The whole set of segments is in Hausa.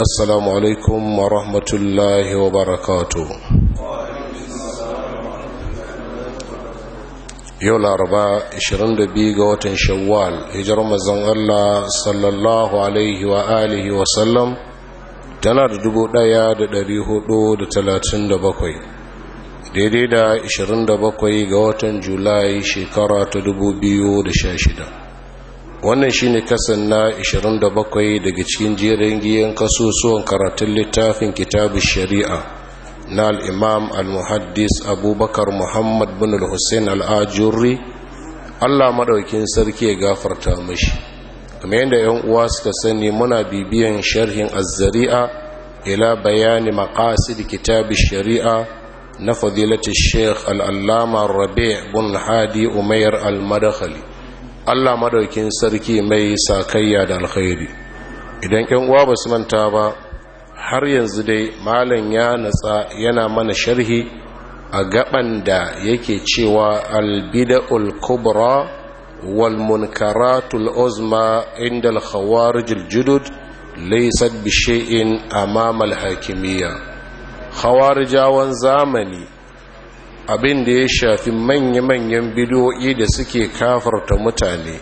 السلام عليكم rahmatullahi الله وبركاته yau laraba 22 ga watan shawwal hijar mazan Allah sallallahu alaihi wa alihi wa sallam tana da talatin 1437 daidai da bakwai ga watan julai shekara ta dubu biyu da sha shida. wannan shine kasan na 27 daga cikin jerin giyan kasusuwan karatun littafin kitabu shari'a na al'imam al-muhaddis abubakar muhammad bin al-hussein al'ajurri allah maɗaukin sarki ya gafarta mashi kuma yadda yan uwa suka sani muna bibiyan sharhin azzari'a ila bayani makasid kitabi shari'a na fadilatul sheikh al'allama rabi' bin hadi Umayyar al-madakhali allah madaukin sarki mai sakayya da alkhairi idan yan uwa ba su manta ba har yanzu dai malam ya natsa yana mana sharhi a gaban da yake cewa albida'ul kubra wal munkaratul uzma inda al-khawarijul judud laysat bi shay'in amama hakimiyya khawarijawan zamani abin da ya shafi manya-manyan bidoyi da suke kafarta mutane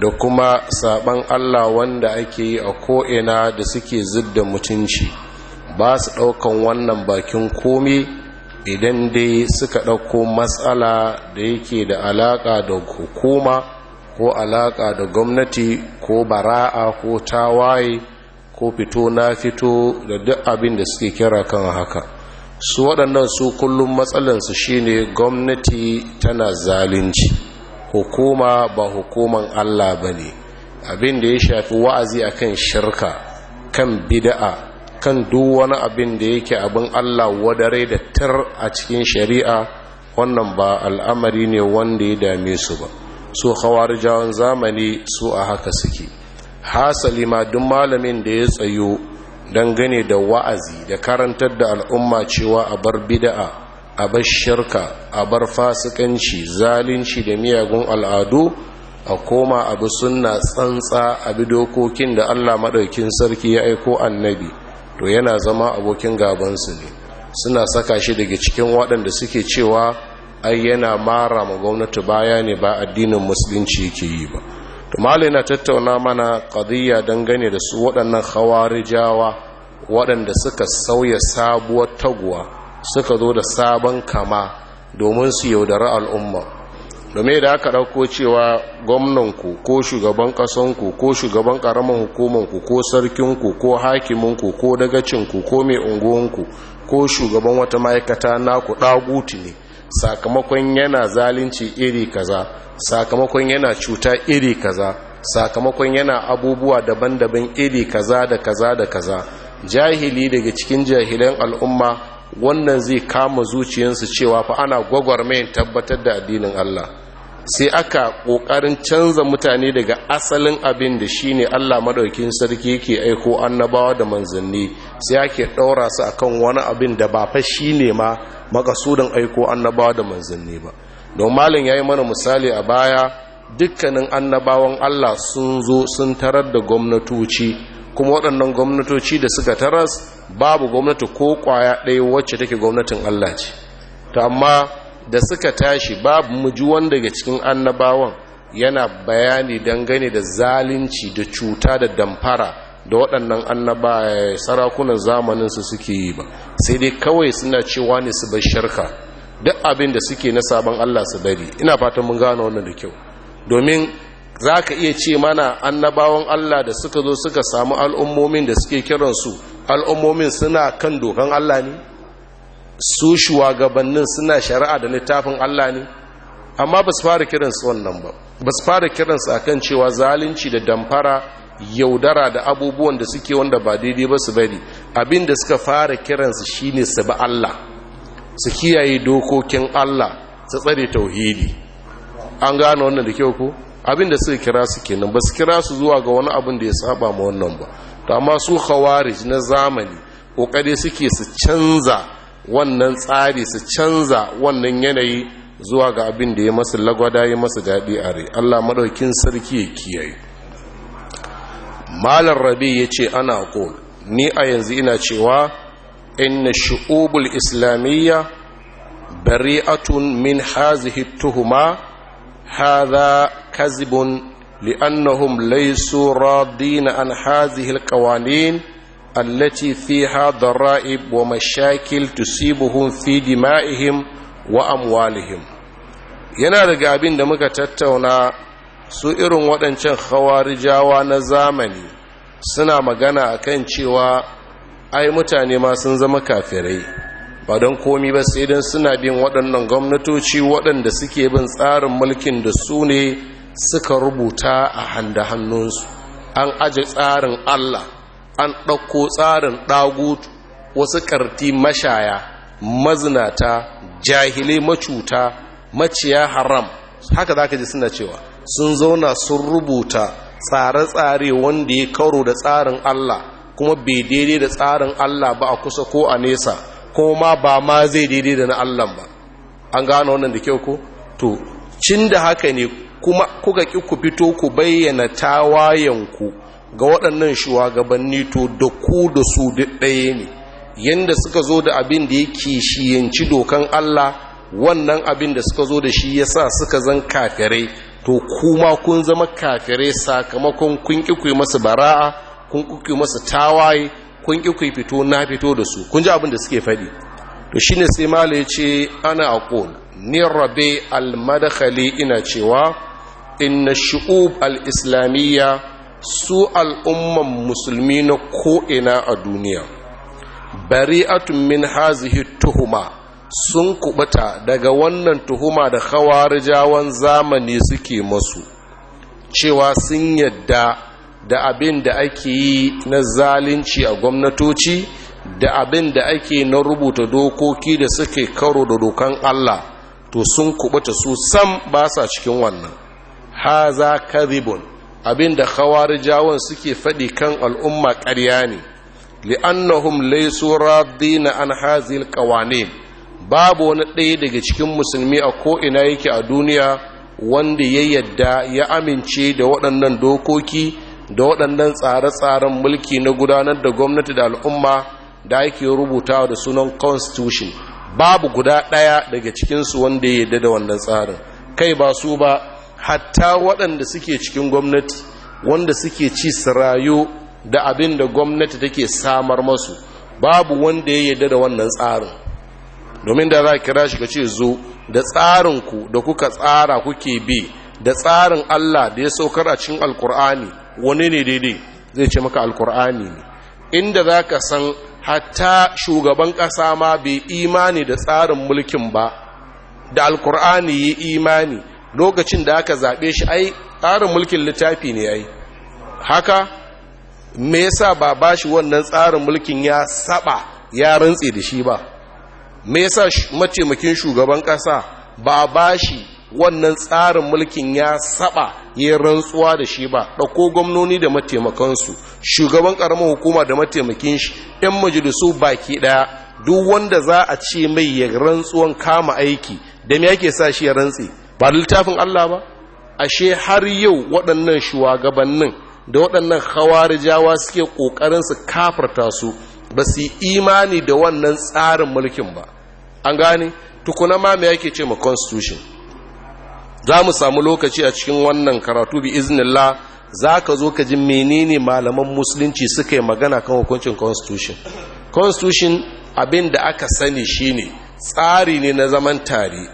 da kuma saban Allah wanda ake yi a ko'ina da suke zidda mutunci ba su ɗaukan wannan bakin komi idan dai suka ɗauko matsala da yake da alaƙa da hukuma ko alaƙa da gwamnati ko bara'a ko tawaye ko fito na fito da duk abin da suke kira kan haka su waɗannan su kullum matsalansu shine gwamnati tana zalunci hukuma ba hukuman Allah ba ne abin da ya shafi wa'azi a kan shirka kan bida'a kan duk abin da yake abin Allah wadare da tar a cikin shari'a wannan ba al'amari ne wanda ya dame su ba su jawon zamani su a haka suke hasali ma duk malamin da ya tsayo Don gane da wa'azi da karantar da al'umma cewa a bar bida'a a bar shirka a bar fasikanci zalunci da miyagun al'adu a koma abu suna tsantsa a bi dokokin da Allah maɗaukin sarki ya aiko annabi to yana zama abokin gabansu ne suna saka shi daga cikin waɗanda suke cewa ai yana mara ma gwamnati baya ne ba addinin musulunci yake yi ba malai na tattauna mana ƙadiyya dangane da su waɗannan jawa waɗanda suka sauya sabuwar taguwa suka zo da sabon kama domin su yaudara al'umma domin da aka ɗauko cewa gwamnanku ko shugaban ƙasanku ko shugaban ƙaramin hukumanku ko sarkinku ko hakiminku ko dagacinku ko mai unguwanku ko shugaban wata ma'aikata naku ɗaguti ne sakamakon yana zalunci iri kaza sakamakon yana cuta iri kaza sakamakon yana abubuwa daban-daban iri kaza da kaza da kaza jahili daga cikin jahilan al'umma wannan zai kama zuciyarsu cewa fa ana gwagwarmayin tabbatar da addinin Allah sai aka ƙoƙarin canza mutane daga asalin abin da shi ne allah maɗaukin sarki ke aiko annabawa da manzanni sai ake ɗaura su a kan wani abin da ba fa shi ne ma makasudin aiko annabawa da manzanni ba don malin ya yi mana misali a baya dukkanin annabawan allah sun zo sun tarar da gwamnatoci kuma waɗannan gwamnatoci da suka taras babu gwamnati ko ƙwaya ɗaya wacce take gwamnatin allah ce ta amma da suka tashi babu muji wanda daga cikin annabawan yana bayani dangane da zalunci da cuta da damfara da waɗannan annaba eh, sarakunan zamaninsu suke yi ba sai dai kawai suna cewa ne su bar sharka duk abin da suke na sabon Allah su bari ina fatan mun gano wannan da kyau domin za ka iya ce mana annabawan Allah da suka zo suka samu al'ummomin da suke kiransu al'ummomin suna kan dokan Allah ne su shugabannin suna shari'a da littafin Allah ne amma ba su fara kiransu wannan ba ba su fara su akan cewa zalunci da damfara yaudara da abubuwan da suke wanda ba daidai ba su bari abin da suka fara kiransu shine su ba Allah su kiyaye dokokin Allah su tsare tauhidi an gano wannan da kyau ko abin da suka kira su kenan ba su kira su zuwa ga wani abin da ya saba ma wannan ba to amma su khawarij na zamani kokari suke su canza wannan tsari su canza wannan yanayi zuwa ga abin da ya masu lagwada ya masu daɗi a rai allah maɗaukin sarki ya kiyaye malar rabi ya ce ana ko ni a yanzu ina cewa inna shu'ubul islamiyya bari'atun min hazihi tuhuma hadha kazibun li'annahum laysu radina an hazihi alqawanin التي فيها ضرائب ومشاكل تصيبهم في دمائهم وأموالهم yana daga abin da muka tattauna su irin waɗancan hawarijawa na zamani suna magana a kan cewa ai mutane ma sun zama kafirai ba don komi ba sai don suna bin waɗannan gwamnatoci waɗanda suke bin tsarin mulkin da su ne suka rubuta a handa hannunsu an aje tsarin Allah an ɗauko tsarin ɗago wasu ƙarti mashaya mazinata jahilai macuta maciya haram haka za ka ji suna cewa sun zauna sun rubuta tsare-tsare wanda ya karo da tsarin Allah kuma bai daidai da tsarin Allah ba a kusa ko a nesa kuma ba ma zai daidai da na Allah ba an gano wannan da kyau ko to cin da haka ne kuma kuka ki ku fito ku bayyana tawayenku ga waɗannan shugabanni to da ku da su duk ɗaya ne yadda suka zo da abin da yake shiyanci dokan Allah wannan abin da suka zo da shi ya sa suka zan kafirai to kuma kun zama kafirai sakamakon kun ƙi masu bara'a kun ƙi masu tawaye kun ƙi fito na fito da su kun ji abin da suke faɗi to shine sai mala ce ana aqul ni rabe al ina cewa inna shu'ub al-islamiyya su al'umman musulmi na ko'ina a duniya bari'atun min hazihi tuhuma sun kubuta daga wannan tuhuma da khawarijawan zamani suke masu cewa sun yadda da abin da ake yi na zalunci a gwamnatoci da abin da ake na rubuta dokoki da suke karo da dokan Allah to sun kubuta su sam ba sa cikin wannan haza kadhibun Abin abinda khawarijawan suke faɗi kan al'umma ƙarya ne li'annahum laysu radina an hazil qawanin babu wani ɗaya daga cikin musulmi a ko ina yake a duniya wanda ya yadda ya amince da waɗannan dokoki da waɗannan tsare-tsaren mulki na gudanar da gwamnati da al'umma da ake rubuta da sunan constitution babu guda ɗaya daga cikinsu wanda ya yadda da wannan tsarin kai ba su ba hatta waɗanda suke cikin gwamnati wanda suke ci su da abin da gwamnati take samar masu babu wanda ya yarda da wannan tsarin domin da za a kira shi ka ce zo da tsarin ku da kuka tsara kuke bi da tsarin Allah da ya saukar a cikin alkur'ani wani ne daidai zai ce maka alkur'ani ne inda za ka san hatta shugaban ƙasa ma bai imani da tsarin mulkin ba da alkur'ani ya imani lokacin da aka zaɓe shi ai tsarin mulkin littafi ne ai haka me yasa ba ba shi wannan tsarin mulkin ya saba ya rantse da shi ba me yasa mataimakin shugaban ƙasa ba ba shi wannan tsarin mulkin ya saba ya rantsuwa da shi ba ɗauko gwamnoni da mataimakansu shugaban ƙaramin hukuma da mataimakin shi 'yan majalisu baki ɗaya duk wanda za a ce mai ya rantsuwan kama aiki da me yake sa shi ya rantse ba da littafin Allah ba ashe har yau waɗannan shugabannin da waɗannan hawarijawa suke ƙoƙarin su kafarta su ba su yi imani da wannan tsarin mulkin ba an gane tukuna ma me yake ce ma constitution za mu samu lokaci a cikin wannan karatu bi iznillah za ka zo ka ji menene malaman musulunci suka yi magana kan hukuncin constitution constitution abin da aka sani shine tsari ne na zaman tare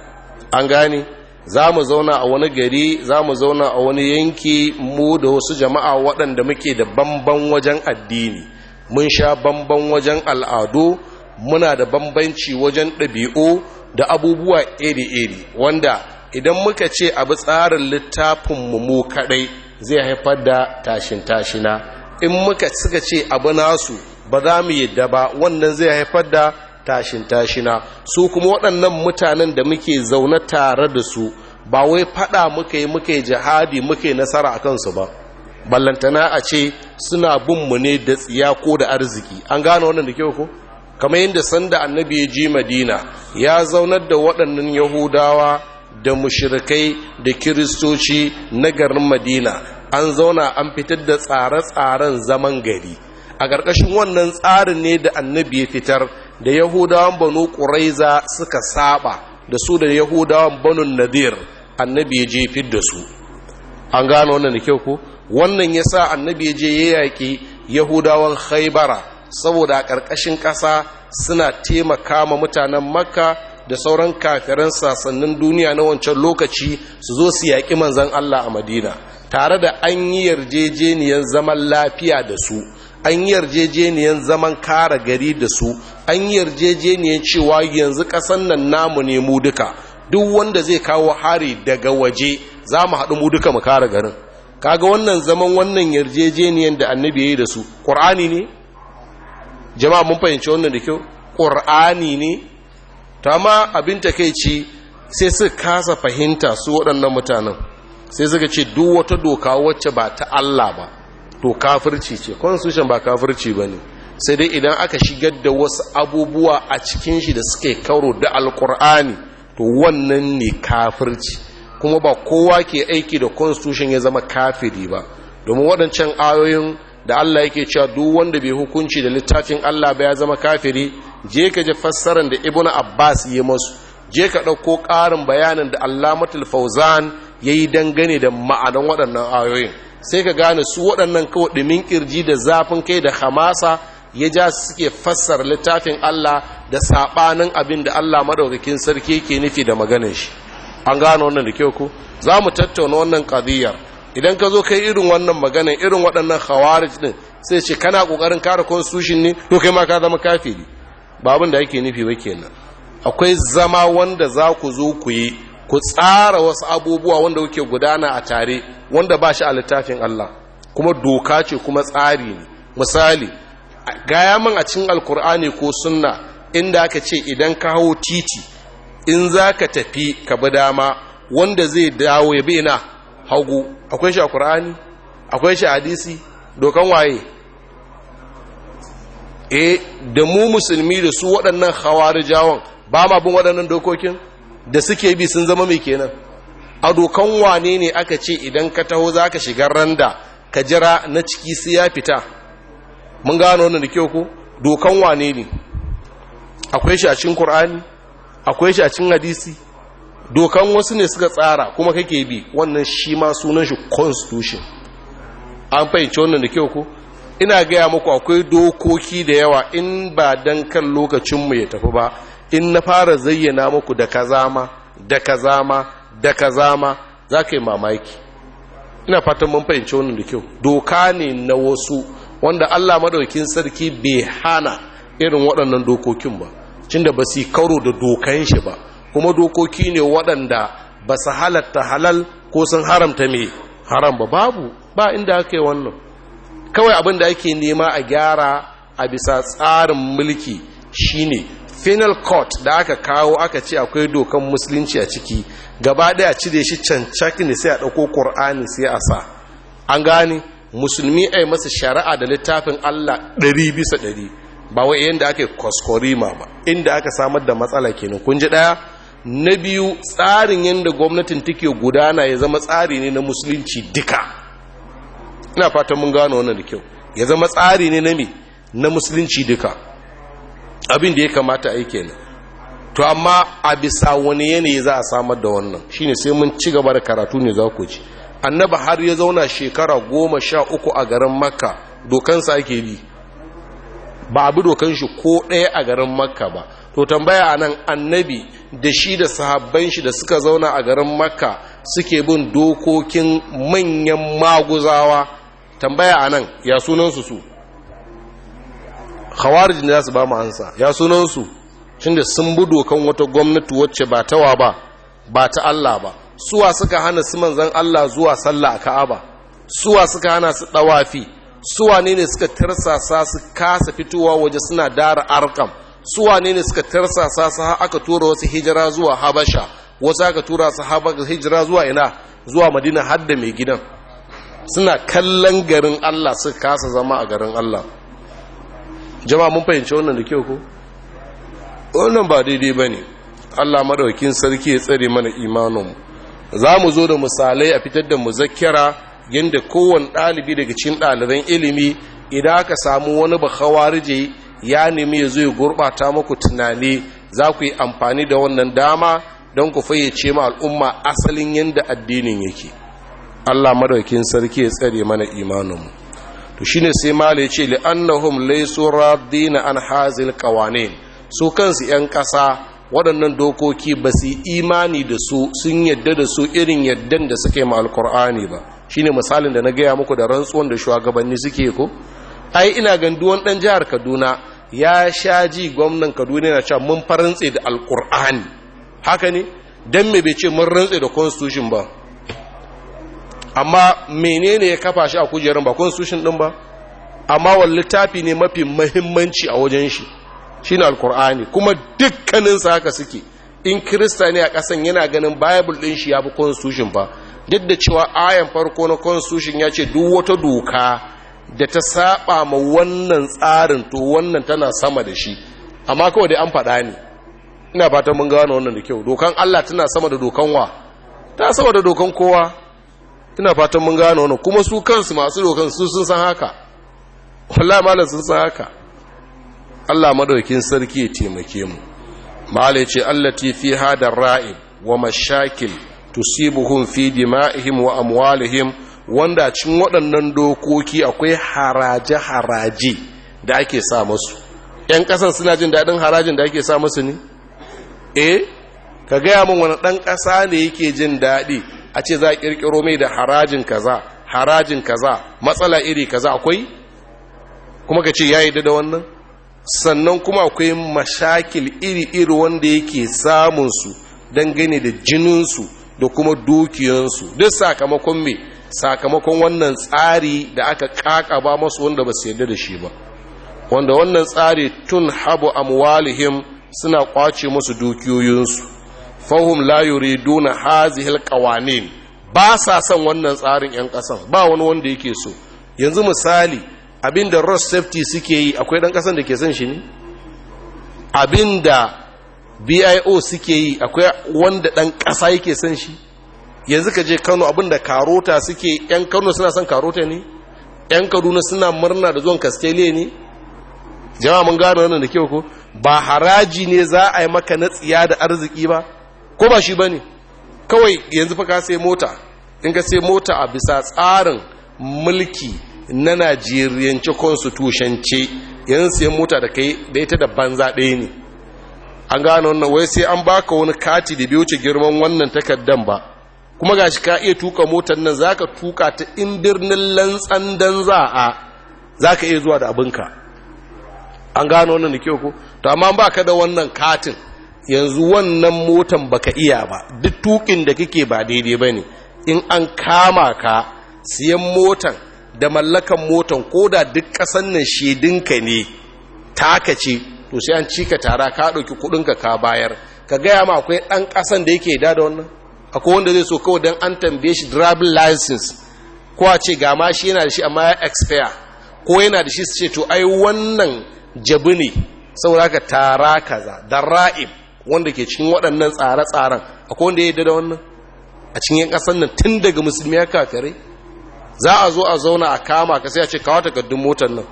an gane za mu zauna a wani gari za mu zauna a wani yanki mu da wasu jama'a waɗanda muke da bamban wajen addini mun sha bamban wajen al'adu muna da bambanci wajen ɗabi'u da abubuwa iri-iri wanda idan muka ce abu tsarin littafin mu kaɗai zai haifar da tashin-tashina in muka suka ce abu nasu ba za mu yadda ba wannan zai haifar da tashin tashina su kuma waɗannan mutanen da muke zaune tare da su ba wai faɗa muka yi muka jihadi muka nasara a kansu ba ballantana a ce suna bin mu ne da tsiya ko da arziki an gane wannan da kyau ko kamar yadda sanda annabi ya ji madina ya zaunar da waɗannan yahudawa da mushirikai da kiristoci na garin madina an zauna an fitar da tsare-tsaren zaman gari a ƙarƙashin wannan tsarin ne da annabi ya fitar da yahudawan banu ƙuraiza suka saba da su da yahudawan banu nadir annabi ya jefid da su an gano wannan da kyau ko wannan ya sa annabi ya je ya yaƙi yahudawan haibara saboda a ƙarƙashin ƙasa suna taimaka ma mutanen makka da sauran kafiran sassanin duniya na wancan lokaci su zo su yaƙi manzan allah a madina tare da an yi yarjejeniyar zaman lafiya da su an yi yarjejeniyan zaman kara gari da su an yi yarjejeniyan cewa yanzu kasan nan namu ne mu duka duk wanda zai kawo hari daga waje za mu haɗu mu duka mu kara garin kaga wannan zaman wannan yarjejeniyan da annabi ya yi da su ƙur'ani ne jama'a mun fahimci wannan da kyau ƙur'ani ne ta ma abin takaici sai su kasa fahimta su waɗannan mutanen sai suka ce duk wata doka wacce ba ta Allah ba to kafirci ce constitution ba kafirci ba ne sai dai idan aka shigar da wasu abubuwa a cikin shi da suke kauro da alkur'ani to wannan ne kafirci kuma ba kowa ke aiki da constitution ya zama kafiri ba domin waɗancan ayoyin da Allah yake cewa duk wanda bai hukunci da littafin Allah ba ya zama kafiri je ka ji fassarar da Ibn Abbas ya masu je ka ɗauko ƙarin bayanin da Allamatul Fauzan yi dangane da ma'anan waɗannan ayoyin sai ka gane su waɗannan kawai ɗumin ƙirji da zafin kai da hamasa ya ja suke fassar littafin Allah da saɓanin abin da Allah maɗaukakin sarki ke nufi da maganin shi an gano wannan da kyau ku za mu tattauna wannan ƙadiyar idan ka zo kai irin wannan maganin irin waɗannan khawarij ɗin sai ce kana ƙoƙarin kare constitution ne to kai ma ka zama kafiri ba abin da ake nufi ba kenan akwai zama wanda za ku zo ku yi ku tsara wasu abubuwa wanda kuke gudana a tare wanda ba shi a littafin Allah kuma doka ce kuma tsari ne misali gaya man a cikin alkur'ani ko sunna inda aka ce idan ka hau titi in za ka tafi ka bi dama wanda zai dawo ya bi na hagu akwai shi a kur'ani akwai shi a hadisi dokan waye e da mu musulmi da su waɗannan hawari jawon ba ma bin waɗannan dokokin da suke bi sun zama mai kenan a dokan wane ne aka ce idan ka taho za ka shiga randa ka jira na ciki sai ya fita mun gano wani da kyau ko dokan wane ne akwai shi a cikin Kur'ani? akwai shi a cikin hadisi dokan wasu ne suka tsara kuma kake bi wannan shi ma sunan shi constitution an fahimci wannan da kyau ko ina gaya muku akwai dokoki da yawa in ba dan kan lokacinmu ya tafi ba in na fara zayyana muku da kaza ma da kaza ma da kaza ma za ka yi mamaki ina fatan mun fahimci wannan da kyau doka ne na wasu wanda Allah madaukin sarki bai hana irin waɗannan dokokin ba cinda ba su karo da dokan shi ba kuma dokoki ne waɗanda ba su halatta halal ko sun haramta mai haram ba babu ba inda aka yi wannan kawai abin da ake nema a gyara a bisa tsarin mulki shine Final court da aka kawo aka ce akwai dokan musulunci a ciki gaba daya cire shi cancakin ne sai a ɗauko ƙur'ani sai a sa an gane musulmi a yi masa shari'a da littafin allah ɗari bisa ɗari ba wai yadda aka yi kwaskwarima ba inda aka samar da matsala kenan kun ji ɗaya na biyu tsarin yadda gwamnatin take gudana ya zama tsari ne na musulunci duka ina fatan mun gano wannan da kyau ya zama tsari ne na me na musulunci duka abin da ya kamata a yi kenan to amma a bisa wani yanayi za a samar da wannan shine sai mun ci gaba da karatu ne za ku ci annaba har ya zauna shekara goma sha uku a garin makka dokansa ake bi ba a bi dokan shi ko ɗaya a garin makka ba to tambaya a nan annabi da shi da sahabban shi da suka zauna a garin makka suke bin dokokin manyan maguzawa tambaya a nan ya sunansu su khawarijin da za su ba mu ansa ya sunansu tunda sun budo kan wata gwamnati wacce ba tawa ba ba ta Allah ba suwa suka hana su manzan Allah zuwa sallah a Ka'aba suwa suka hana su dawafi suwa ne ne suka tarsasa su kasa fitowa waje suna dara arkam suwa ne ne suka tarsasa su har aka tura wasu hijira zuwa Habasha wasu aka tura su hijira zuwa ina zuwa Madina har da mai gidan suna kallon garin Allah suka kasa zama a garin Allah Jama mun fahimci wannan da kyau ko wannan ba daidai ba ne allah maɗaukin sarki ya tsare mana imanin za mu zo da misalai a fitar da muzakkara yadda kowane ɗalibi daga cikin ɗaliban ilimi idan aka samu wani bakawarije ya nemi ya zo ya gurɓata muku tunani za ku yi amfani da wannan dama don ku fayyace ma al'umma asalin yadda addinin yake allah maɗaukin sarki ya tsare mana imaninmu to shine sai malai ce annahum laysu radina an hazil qawanin su kansu yan ƙasa waɗannan dokoki ba su imani da su sun yadda da su irin yaddan da suke ma alkur'ani ba shine misalin da na gaya muku da rantsuwan da shugabanni suke ko ai ina gan duwan dan jihar kaduna ya sha ji gwamnan kaduna yana cewa mun farantse da alkur'ani haka ne dan me bai ce mun rantse da constitution ba amma menene ya kafa shi a kujerun ba sushin din ba amma wal littafi ne mafi muhimmanci a wajen shi shine alkur'ani kuma dukkanin sa haka suke in kirista ne a kasan yana ganin bible din shi ya yafi constitution ba duk da cewa ayan farko na constitution ya ce duk wata doka da ta saba ma wannan tsarin to wannan tana sama da shi amma kawai dai an faɗa ne ina fatan mun gano wannan da kyau dokan Allah tana sama da dokan wa ta sama da dokan kowa ina fatan mun gano wannan kuma su kansu masu dokan su sun san haka wallahi malam sun san haka Allah madaukin sarki ya taimake mu malai ce allati fi Hadar ra'ib wa mashakil tusibuhum fi dima'ihim wa amwalihim wanda cin waɗannan dokoki akwai haraje haraje da ake sa musu ƴan ƙasan suna jin daɗin harajin da ake sa musu ne eh ka gaya min wani ɗan ƙasa ne yake jin daɗi a ce za a kirkiro mai da harajin kaza harajin kaza matsala iri kaza akwai kuma ka ce ya yi da wannan sannan kuma akwai mashakil iri-iri wanda yake samunsu don gani da jininsu da kuma dukiyansu duk sakamakon mai sakamakon wannan tsari da aka ba masu wanda ba su yarda da shi ba wanda wannan tsari tun habu amwalihim suna kwace masu dukiyoyinsu fahim la duna hazihil qawanin ba sa son wannan tsarin yan kasan ba wani wanda yake so yanzu misali abinda ross safety suke yi akwai dan kasan da ke son shi ne abinda bio suke yi akwai wanda dan kasa yake son shi yanzu ka je kano abinda karota suke yan kano suna son karota ne yan kaduna suna murna da zuwan kastele ne jama'a mun gano wannan da kyau ko ba haraji ne za a yi maka na tsiya da arziki ba ko ba shi ba ne, kawai yanzu fa ka sai mota in ka sai mota a bisa tsarin mulki na najeriyance constitutionce yanzu sai mota da kai da ita da banza ɗaya ne an gano wannan wai sai an baka wani kati da biyu ce girman wannan takardan ba kuma gashi ka iya tuka motar nan zaka tuka ta in birnin lantsan dan za a zaka iya zuwa da abinka an gano wannan da kyau ko to amma ba ka da wannan katin yanzu wannan motan baka iya ba duk tukin da kake ba daidai ba ne in an kama ka siyan motan da mallakan motan ko da duk ƙasan nan shedinka ne taka ce to sai an cika tara ka ɗauki kuɗinka ka bayar ka gaya ma akwai ɗan ƙasan da yake da da wannan akwai wanda zai so kawai don an tambaye shi driving license ko a ce ga shi yana da shi amma ya expire ko yana da shi su to ai wannan jabi ne saboda ka tara kaza da ra'ib wanda ke cikin waɗannan tsare-tsaren a wanda ya yi da wannan a cikin ƙasar nan tun daga musulmi ya kakare za a zo a zauna a kama ka sai a ce kawo takardun motan nan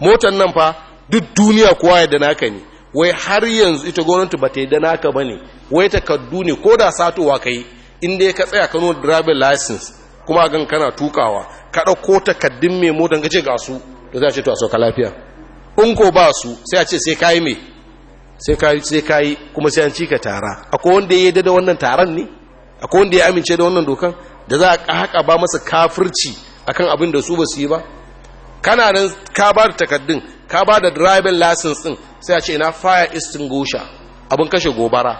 Motan nan fa duk duniya kowa ya da naka ne wai har yanzu ita gwamnati ba ta yi da naka ba ne wai takardu ne ko da satowa ka yi inda ya ka tsaya kano driving license kuma gan kana tukawa ka ɗauko takardun mai motar ka ce ga su da za a ce to a sauka lafiya in ko ba su sai a ce sai ka yi mai sai kayi sai kayi kuma sai an cika tara akwai wanda ya yarda da wannan taron ne akwai wanda ya amince da wannan dokan da za a haka ba masa kafirci akan abin da su ba su yi ba kana nan ka ba da takaddun ka ba da driving license din sai a ce ina fire extinguisher abin kashe gobara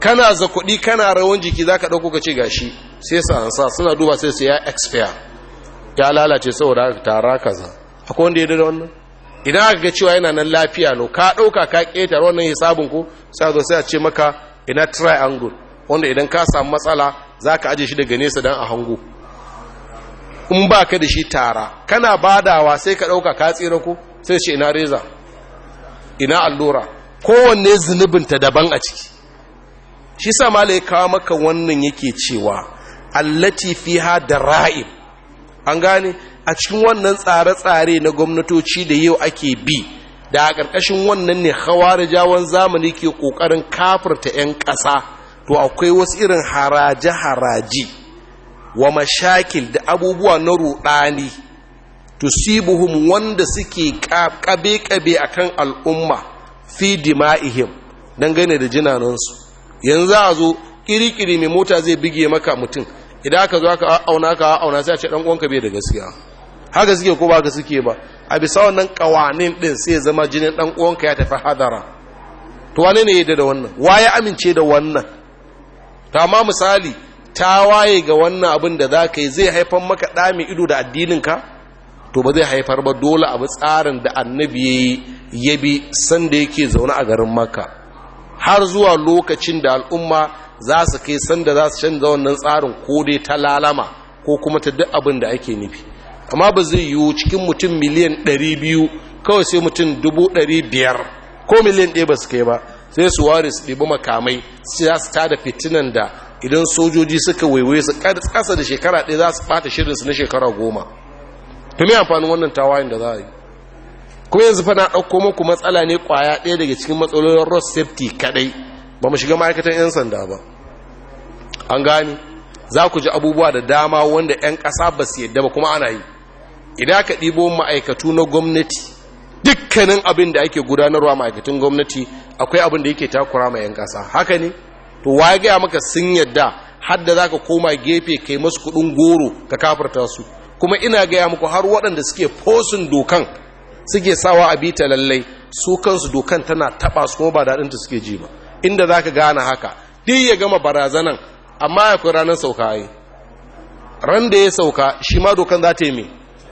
kana za kuɗi kana rawan jiki za ka ɗauko ka ce gashi sai sa sa suna duba sai su ya expire ya lalace saboda tara kaza akwai wanda ya da wannan idan aka ga cewa yana nan lafiya no ka ɗauka ka ƙetare wannan hisabin ku sai zo sai a ce maka ina triangle wanda idan ka samu matsala zaka ka aje shi daga nesa dan a hango in ba ka da shi tara kana badawa sai ka ɗauka ka tsira ku sai ce ina reza ina allura kowanne zunubinta daban a ciki shi sa mala ya kawo maka wannan yake cewa allati fiha da ra'ib an gane a cikin wannan tsare-tsare na gwamnatoci da yau ake bi da a ƙarƙashin wannan ne hawa da jawon zamani ke ƙoƙarin kafirta 'yan ƙasa to akwai wasu irin haraje haraji wa mashakil da abubuwa na ruɗani tusibuhum wanda suke ƙabe-ƙabe a kan al'umma fi dima'ihim dangane da jinanansu yanzu a zo ƙiri-ƙiri mai mota zai bige maka mutum idan aka zo aka auna ka auna sai a ce dan uwanka bai da gaskiya haka suke ko ba suke ba a bisa wannan kawanin din sai ya zama jinin dan uwanka ya tafi hadara to wane ne yadda da wannan wa amince da wannan ta ma misali ta waye ga wannan abin da za ka yi zai haifar maka ɗamin ido da addininka to ba zai haifar ba dole abu tsarin da annabi ya ya bi sanda yake zaune a garin Makka har zuwa lokacin da al'umma za su kai sanda za su canza wannan tsarin ko dai ta lalama ko kuma ta duk abin da ake nufi amma ba zai yiwu cikin mutum miliyan 200 kawai sai mutum 500 ko miliyan ɗaya ba su kai ba sai su ware su ɗibi makamai sai za su tada fitinan da idan sojoji suka waiwaye su ƙasa da shekara ɗaya za su ɓata shirinsu na shekara goma Ta mai amfanin wannan tawayin da za a yi kuma yanzu fana na ɗauko muku matsala ne ƙwaya ɗaya daga cikin matsalolin road safety kaɗai ba mu shiga ma'aikatan 'yan sanda ba an gani za ku ji abubuwa da dama wanda 'yan ƙasa ba su yadda ba kuma ana yi idan aka ɗibo ma'aikatu na gwamnati dukkanin abin da ake gudanarwa ma'aikatan gwamnati akwai abin da yake takura ma 'yan ƙasa haka ne to wa gaya maka sun yadda har da za ka koma gefe kai masu kuɗin goro ka kafarta su kuma ina gaya muku har waɗanda suke fosin dokan suke sawa a bita lallai su kansu dokan tana taɓa su kuma ba daɗinta suke ji ba inda za ka gane haka duk ya gama barazanan amma ya fi ranar sauka yi ran da ya sauka shi ma dokan za ta yi mai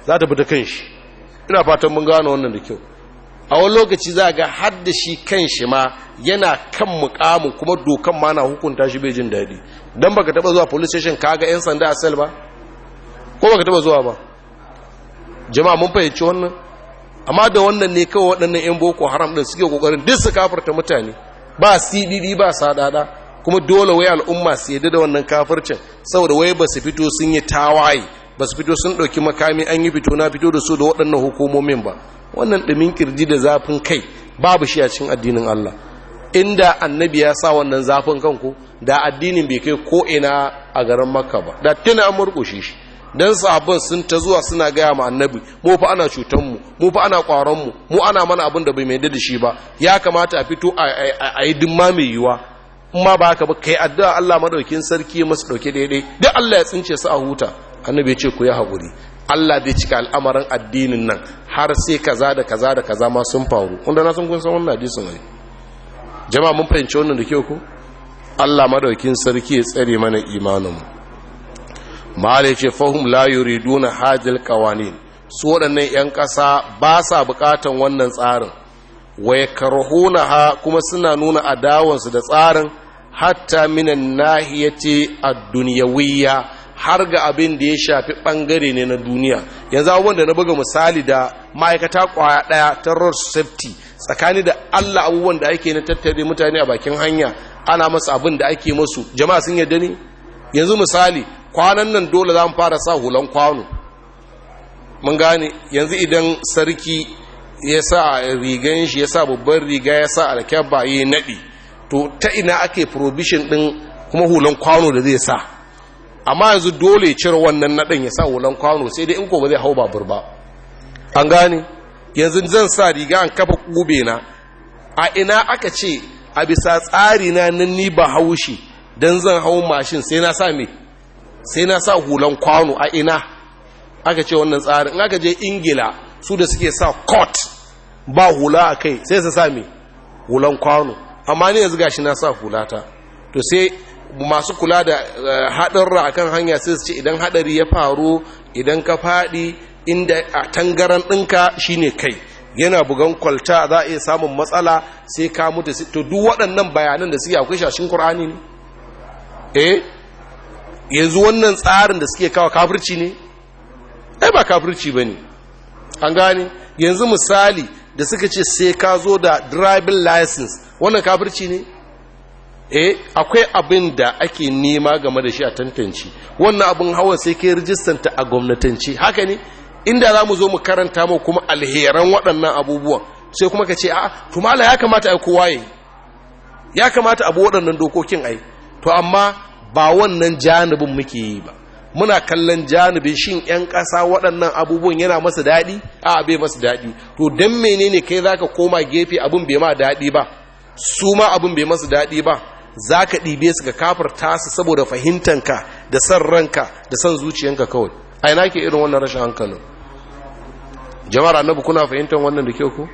za ta fita kan shi ina fatan mun gano wannan da kyau a wani lokaci za ga har da shi kan shi ma yana kan mukamin kuma dokan ma na hukunta shi bai jin daɗi don baka taba zuwa police station ka ga 'yan sanda a sel ba ko baka taba zuwa ba jama'a mun fahimci wannan amma da wannan ne kawai waɗannan 'yan boko haram ɗin suke ƙoƙarin duk su kafarta mutane ba cdd ba saɗaɗa kuma dole wai al'umma su yadda da wannan kafircin saboda wai ba su fito sun yi tawaye ba su fito sun ɗauki makami an yi fito na fito da su da waɗannan hukumomin ba wannan ɗumin kirji da zafin kai babu shi a cikin addinin Allah inda annabi ya sa wannan zafin kanku da addinin bai kai ko ina a garin makka ba da tuna an murƙushe shi dan sahabban sun ta zuwa suna gaya ma annabi mu fa ana cutan mu mu fa ana kwaron mu mu ana mana abin da bai mai da shi ba ya kamata a fito a yi dimma mai yiwa in ma ba haka ba kai addu'a Allah madaukin sarki masu dauke daidai duk Allah ya tsince su a huta annabi ya ce ku yi haƙuri Allah bai cika al'amarin addinin nan har sai kaza da kaza da kaza ma sun faru wanda na san kun san wannan hadisi ne jama'a mun fahimci wannan da kyau ko Allah madaukin sarki ya tsare mana mu. mahala ce fahim la duna hajjil kawanin su waɗannan 'yan ƙasa ba sa buƙatan wannan tsarin wai karhuna ha kuma suna nuna adawansu da tsarin hatta minan nahiyace a duniyawiyya har ga abin da ya shafi ɓangare ne na duniya yanzu abubuwan da na buga misali da ma'aikata kwaya ɗaya ta road safety tsakani da allah abubuwan da ake na tattare mutane a bakin hanya ana masu abin da ake masu jama'a sun yarda ne yanzu misali kwanan nan dole za mu fara sa hulan kwano mun gane yanzu idan sarki ya sa rigan shi ya sa babban riga ya sa alkyabba ya naɗi to ta ina ake provision ɗin kuma hulan kwano da zai sa amma yanzu dole cire wannan naɗin ya sa hulan kwano sai dai in ko ba zai hau babur ba an gane yanzu zan sa riga an kafa ƙube na a ina aka ce a bisa tsari na nan ni ba haushi don zan hau mashin sai na sa mai sai na sa hulan kwano a ina aka ce wannan tsarin in aka je ingila su da suke sa court ba hula a kai sai su sa me hulan kwano amma ne yanzu gashi na sa hulata to sai masu kula da eh, haɗarra a kan hanya sai su ce idan haɗari ya faru idan ka faɗi inda a tangaran ɗinka shine kai yana bugan kwalta za a iya samun matsala sai ka mutu to duk waɗannan bayanan da suke akwai shashin ƙur'ani ne eh yanzu wannan tsarin da suke kawo kafirci ne ai ba kafirci ba ne an gane yanzu misali da suka ce sai ka zo da driving license wannan kafirci ne eh akwai abin da ake nema game da shi a tantance wannan abin hawan sai kai rijistanta a gwamnatance haka ne inda za mu zo mu karanta mu kuma alheran waɗannan abubuwan sai kuma ka ce a to mala ya kamata a kowa ya kamata abu waɗannan dokokin ai to amma ba wannan janibin muke yi ba muna kallon janibin shin 'yan ƙasa waɗannan abubuwan yana masa daɗi a bai masa daɗi to don menene kai za ka koma gefe abin bai ma daɗi ba su ma abin bai masu daɗi ba za ka ɗibe su ka kafarta su saboda fahimtanka da san ranka da san zuciyanka kawai a ina ke irin wannan rashin hankalin jama'ar na kuna fahimtar wannan da kyau ko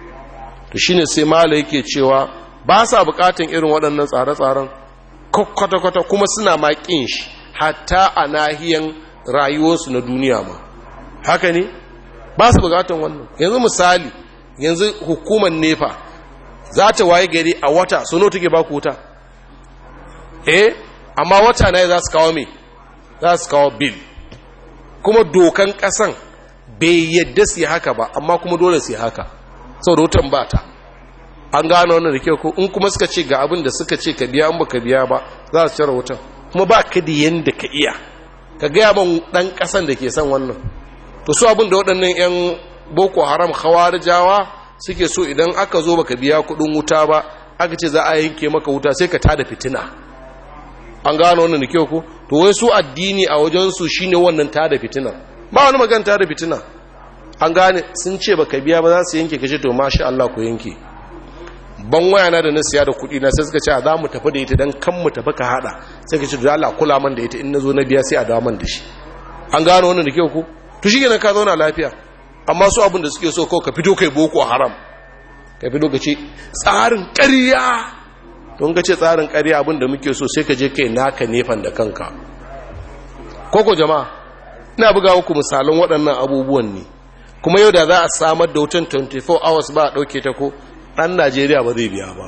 to shine sai malai ke cewa ba sa bukatan irin waɗannan tsare-tsaren kwata-kwata kuma suna makin shi hatta a nahiyan rayuwarsu na duniya ma haka ne ba su bukatan wannan yanzu misali yanzu hukumar nefa za ta waye gari a wata suno take ba ku wuta eh amma wata na za su kawo me za su kawo bil kuma dokan ƙasan bai yadda su yi haka ba amma kuma dole su yi haka sau da wutan ba ta an gano wannan da kyau ko in kuma suka ce ga abin da suka ce ka biya an baka biya ba za su cire wutan kuma ba ka da yanda ka iya ka gaya ban dan kasan da ke son wannan to su abin da waɗannan yan boko haram khawarijawa suke so idan aka zo baka biya kuɗin wuta ba aka ce za a yanke maka wuta sai ka tada fitina an gano wannan da kyau ko to wai su addini a wajen su shine wannan tada fitina ba wani magana tada fitina an gane sun ce baka biya ba za su yanke ce to masha Allah ku yanke ban waya na da na siya da kuɗi na sai suka ce a za mu tafi da ita don kan mu tafi ka hada sai ka ce da ala kula man da ita in na zo na biya sai a dawo man da shi an gano wannan da ke ku to shi ka zauna lafiya amma su abin da suke so kawai ka fito kai boko haram ka fito ka ce tsarin ƙarya don ka ce tsarin ƙarya abin da muke so sai ka je kai naka nefan da kanka koko jama'a ina buga muku misalan waɗannan abubuwan ne kuma yau da za a samar da wutan 24 hours ba a ɗauke ta ko ɗan najeriya ba zai biya ba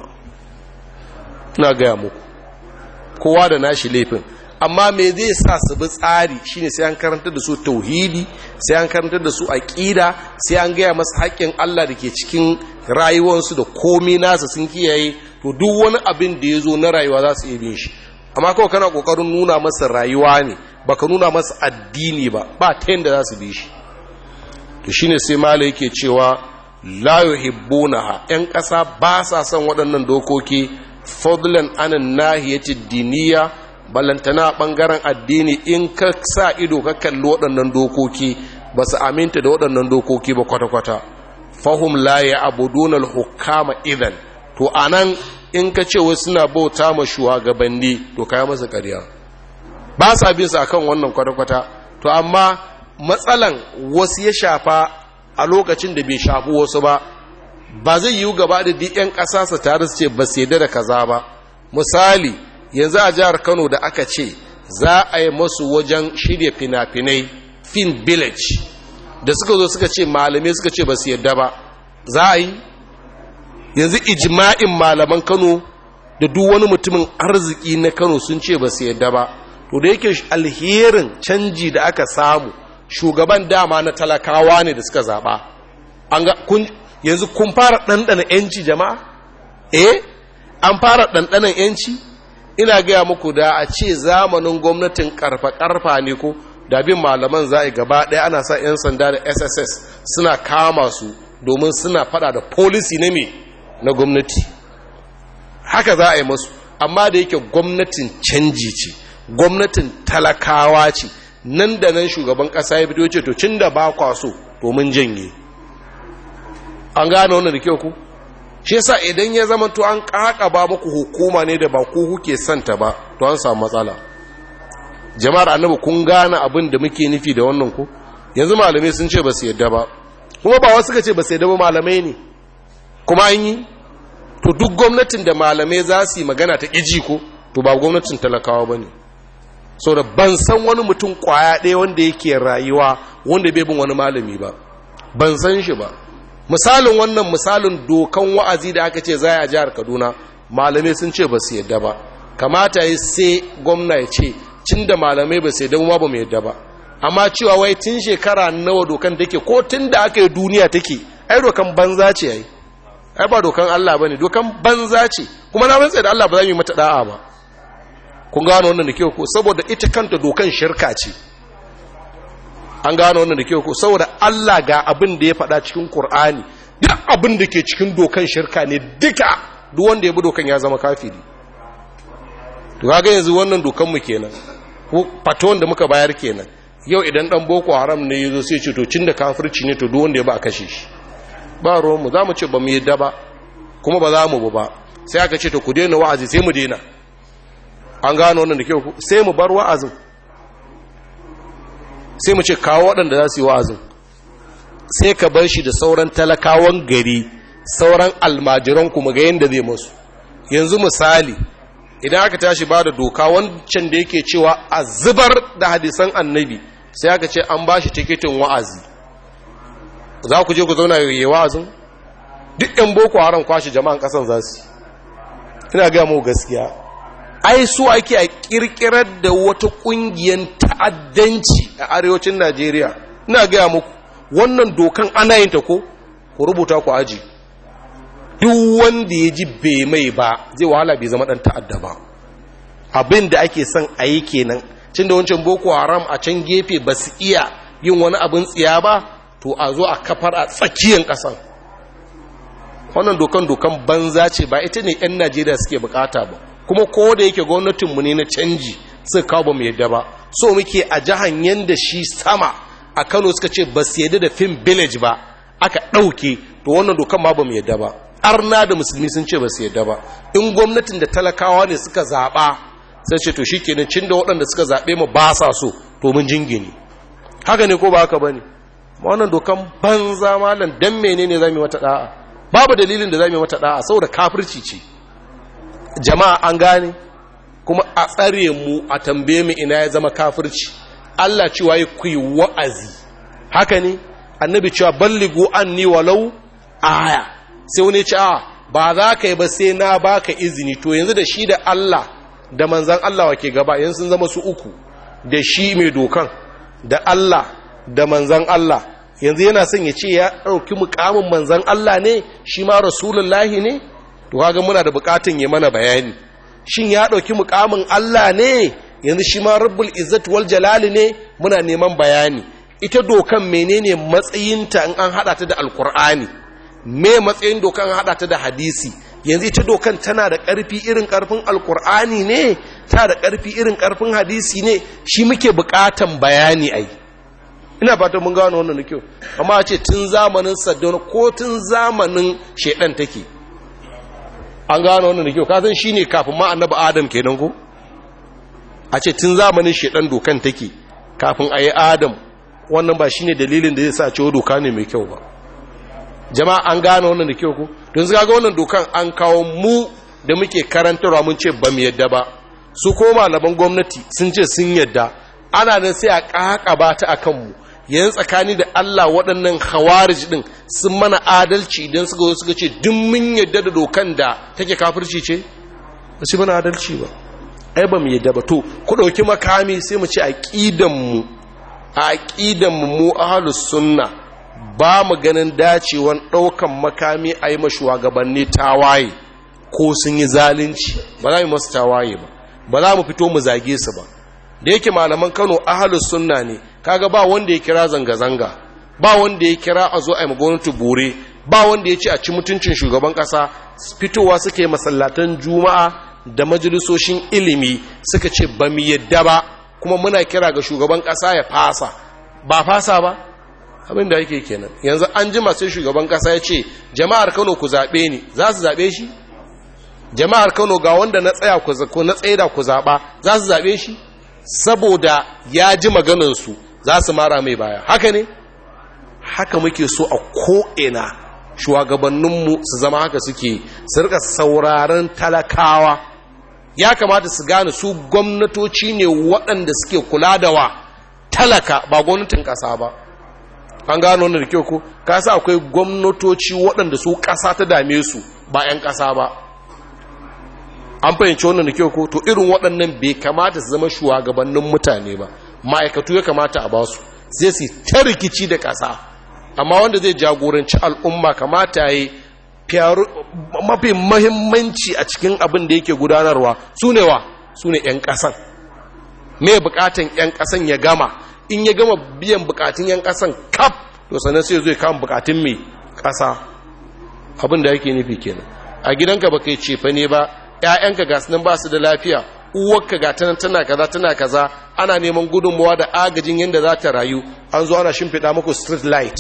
na gaya muku kowa da nashi laifin amma mai zai sa su bi tsari Shi ne sai an karanta da su tauhidi sai an karanta da su aƙida sai an gaya masu haƙƙin Allah da ke cikin rayuwarsu da komai nasa sun kiyaye to duk wani abin da ya zo na rayuwa za su iya bin shi amma kawai kana ƙoƙarin nuna masa rayuwa ne Ba ka nuna masa addini ba ba ta yanda za su bi shi to sai mala yake cewa la yuhibbunaha yan ƙasa ba sa son waɗannan dokoki fadlan anan nahiyati diniya balantana bangaren addini in ka sa ido ka kalli waɗannan dokoki ba su aminta da waɗannan dokoki ba kwata-kwata fahum la ya abuduna hukama idan to anan in ka ce wasu suna bauta ma shugabanni to kaya masa ƙarya ba sa bin sa akan wannan kwata-kwata to amma matsalan wasu ya shafa a lokacin da bai shafi wasu ba ba zai yiwu gaba da duk 'yan ƙasa su tare su ce ba su da kaza ba misali yanzu a jihar kano da aka ce za a yi masu wajen shirya fina-finai fin village da suka zo suka ce malamai suka ce ba su yadda ba za a yi yanzu ijima'in malaman kano da duk wani mutumin arziki na kano sun ce ba su yadda ba to da yake alherin canji da aka samu shugaban dama na talakawa ne da suka zaɓa yanzu kun fara ɗanɗana yanci jama'a eh an fara ɗanɗanan yanci ina gaya muku da a ce zamanin gwamnatin karfa-karfa ne ko da bin malaman za a yi gaba ɗaya ana sa 'yan sanda da sss suna kama su domin suna fada da policy na me na gwamnati haka za a yi masu amma da yake gwamnatin canji ce gwamnatin talakawa ce nan da nan shugaban kasa ya fito ce to cin da ba kwa so to mun janye an gane wannan da kyau ku shi yasa idan ya zama to an kaka ba muku hukuma ne da ba ku kuke santa ba to an samu matsala jama'ar annabi kun gane abin da muke nufi da wannan ku yanzu malamai sun ce ba su yadda ba kuma ba wasu ka ce ba su yadda ba malamai ne kuma an yi to duk gwamnatin da malamai za su yi magana ta iji ko to ba gwamnatin talakawa ba ne so da ban san wani mutum kwaya ɗaya wanda yake rayuwa wanda bai bin wani malami ba ban san shi ba misalin wannan misalin dokan wa'azi da aka ce za a jihar kaduna malamai sun ce ba su yadda ba kamata ya sai gwamna ya ce cin da malamai ba su yadda kuma ba mu yadda ba amma cewa wai tun shekara nawa dokan take ko tun da aka yi duniya take ai dokan banza ce ai ai ba dokan allah ba ne dokan banza ce kuma na tsaye da allah ba za mu yi mata da'a ba kun gano wannan da kyau ko saboda ita kanta dokan shirka ce an gano wannan da kyau ko saboda Allah ga abin da ya faɗa cikin Kur'ani duk abin da ke cikin dokan shirka ne duka duk wanda ya bi dokan ya zama kafiri to kaga yanzu wannan dokan mu kenan ko faton da muka bayar kenan yau idan dan boko haram ne yazo sai ce to cin da kafirci ne to duk wanda ya ba aka kashe shi ba ruwan mu zamu ce ba mu yadda ba kuma ba za mu ba sai aka ce to ku daina wa'azi sai mu daina an gano wannan da kyau sai mu bar wa'azin sai mu ce kawo waɗanda za su yi wa'azin sai ka bar shi da sauran talakawan gari sauran almajiran kuma ga yadda zai masu yanzu misali idan aka tashi ba da doka wancan da yake cewa a zubar da hadisan annabi sai aka ce an ba shi tikitin wa'azi za ku je ku zauna yi wa'azin duk 'yan boko haram kwashe jama'an ƙasan za su ina gaya mu gaskiya ai su ake a kirkirar da wata kungiyar ta'addanci a arewacin najeriya ina gaya muku wannan dokan ana yin ta ko ku rubuta ku aji duk wanda ya ji bai mai ba zai wahala bai zama dan ta'adda ba abin da ake son a yi kenan cin da wancan boko haram a can gefe ba su iya yin wani abin tsiya ba to a zo a kafar a tsakiyar ƙasan wannan dokan dokan banza ce ba ita ne 'yan najeriya suke bukata ba kuma ko da yake gwamnatinmu ne na canji sai kawo ba mu yadda ba so muke a jahan yanda shi sama a kano suka ce ba su yadda da fim village ba aka ɗauke to wannan dokan ma ba mu yadda ba arna da musulmi sun ce ba su yadda ba in gwamnatin da talakawa ne suka zaɓa sai ce to shi kenan cin da waɗanda suka zaɓe mu ba sa so to mun jingine haka ne ko ba haka ba ne wannan dokan banza malam dan menene za mu yi mata ɗa'a babu dalilin da za mu yi mata ɗa'a saboda kafirci ce jama'a an gane kuma a tsare mu a tambaye mu ina ya zama kafirci Allah cewa yi ku wa'azi haka ne annabi cewa balligu anni walau aya sai wani ce a ba za ka yi ba sai na baka izini to yanzu da shi da Allah da manzan Allah wake gaba yanzu sun zama su uku da shi mai dokan da Allah da manzan Allah yanzu yana son ya ce ya ɗauki mukamin manzan Allah ne shi ma rasulullahi ne to kaga muna da bukatun ya mana bayani shin ya dauki mukamin Allah ne yanzu shi ma rabbul izzat wal jalali ne muna neman bayani ita dokan menene matsayinta in an hada ta da alkur'ani me matsayin dokan hada ta da hadisi yanzu ita dokan tana da ƙarfi irin ƙarfin alkur'ani ne ta da karfi irin karfin hadisi ne shi muke bukatan bayani ai ina fata mun gano wannan kyau amma ce tun zamanin saddon ko tun zamanin shedan take an gano wannan da kyau san shi ne kafin ma annabi adam kenan ko a ce tun zamanin shedan dokan take kafin a yi adam wannan ba shi dalilin da zai sa cewa doka ne mai kyau ba jama'a an gano wannan da kyau ko don su ga wannan dokan an kawo mu da muke karantarwa mun ce ba mu yadda ba su ko malaman gwamnati sun ce sun yadda ana nan sai a kakaba ta a mu. yanzu tsakani da Allah waɗannan khawarij din sun mana adalci idan suka zo suka ce duk mun yadda da dokan da take kafirci ce ba su mana adalci ba ai ba mu yadda ba to ku ɗauki makami sai mu ce aqidan mu aqidan mu mu ahlus sunna ba mu ganin dacewan ɗaukan makami ai ma shugabanni tawaye ko sun yi zalunci ba za mu masu tawaye ba ba za mu fito mu zage su ba da yake malaman Kano ahlus sunna ne kaga ba wanda ya kira zanga-zanga ba wanda ya kira a zo a yi bore ba wanda ya ce a ci mutuncin shugaban ƙasa fitowa suke masallatan juma'a da majalisoshin ilimi suka ce ba mu yadda ba kuma muna kira ga shugaban ƙasa ya fasa ba fasa ba abin da yake kenan yanzu an jima sai shugaban ƙasa ya ce jama'ar kano ku zaɓe ni za su zaɓe shi jama'ar kano ga wanda na tsaya ku na ku zaɓa za su zaɓe shi saboda ya ji maganansu za su mara mai baya haka ne haka muke so a ko'ina shugabanninmu su zama haka suke su rika sauraron talakawa ya kamata su gane su gwamnatoci ne waɗanda suke kula da wa talaka ba gwamnatin ƙasa ba an gano wani da kyau ko kasa akwai gwamnatoci waɗanda su ƙasa ta dame su ba 'yan ƙasa ba an fahimci wani da kyau to irin waɗannan bai kamata su zama shugabannin mutane ba ma'aikatu ya kamata a basu sai su ta rikici da ƙasa amma wanda zai jagoranci al'umma kamata ya yi mafi mahimmanci a cikin abin da yake gudanarwa su ne wa su ne 'yan ƙasan me bukatan 'yan ƙasan ya gama in ya gama biyan bukatun 'yan ƙasan kaf to sannan sai zai kama bukatun mai ƙasa abin da yake nufi kenan a gidanka ba kai cefa ne ba 'ya'yanka gasu nan ba su da lafiya uwarka ga tana tana kaza tana kaza ana neman gudunmuwa da agajin yadda za ta rayu an zo ana shimfiɗa muku street light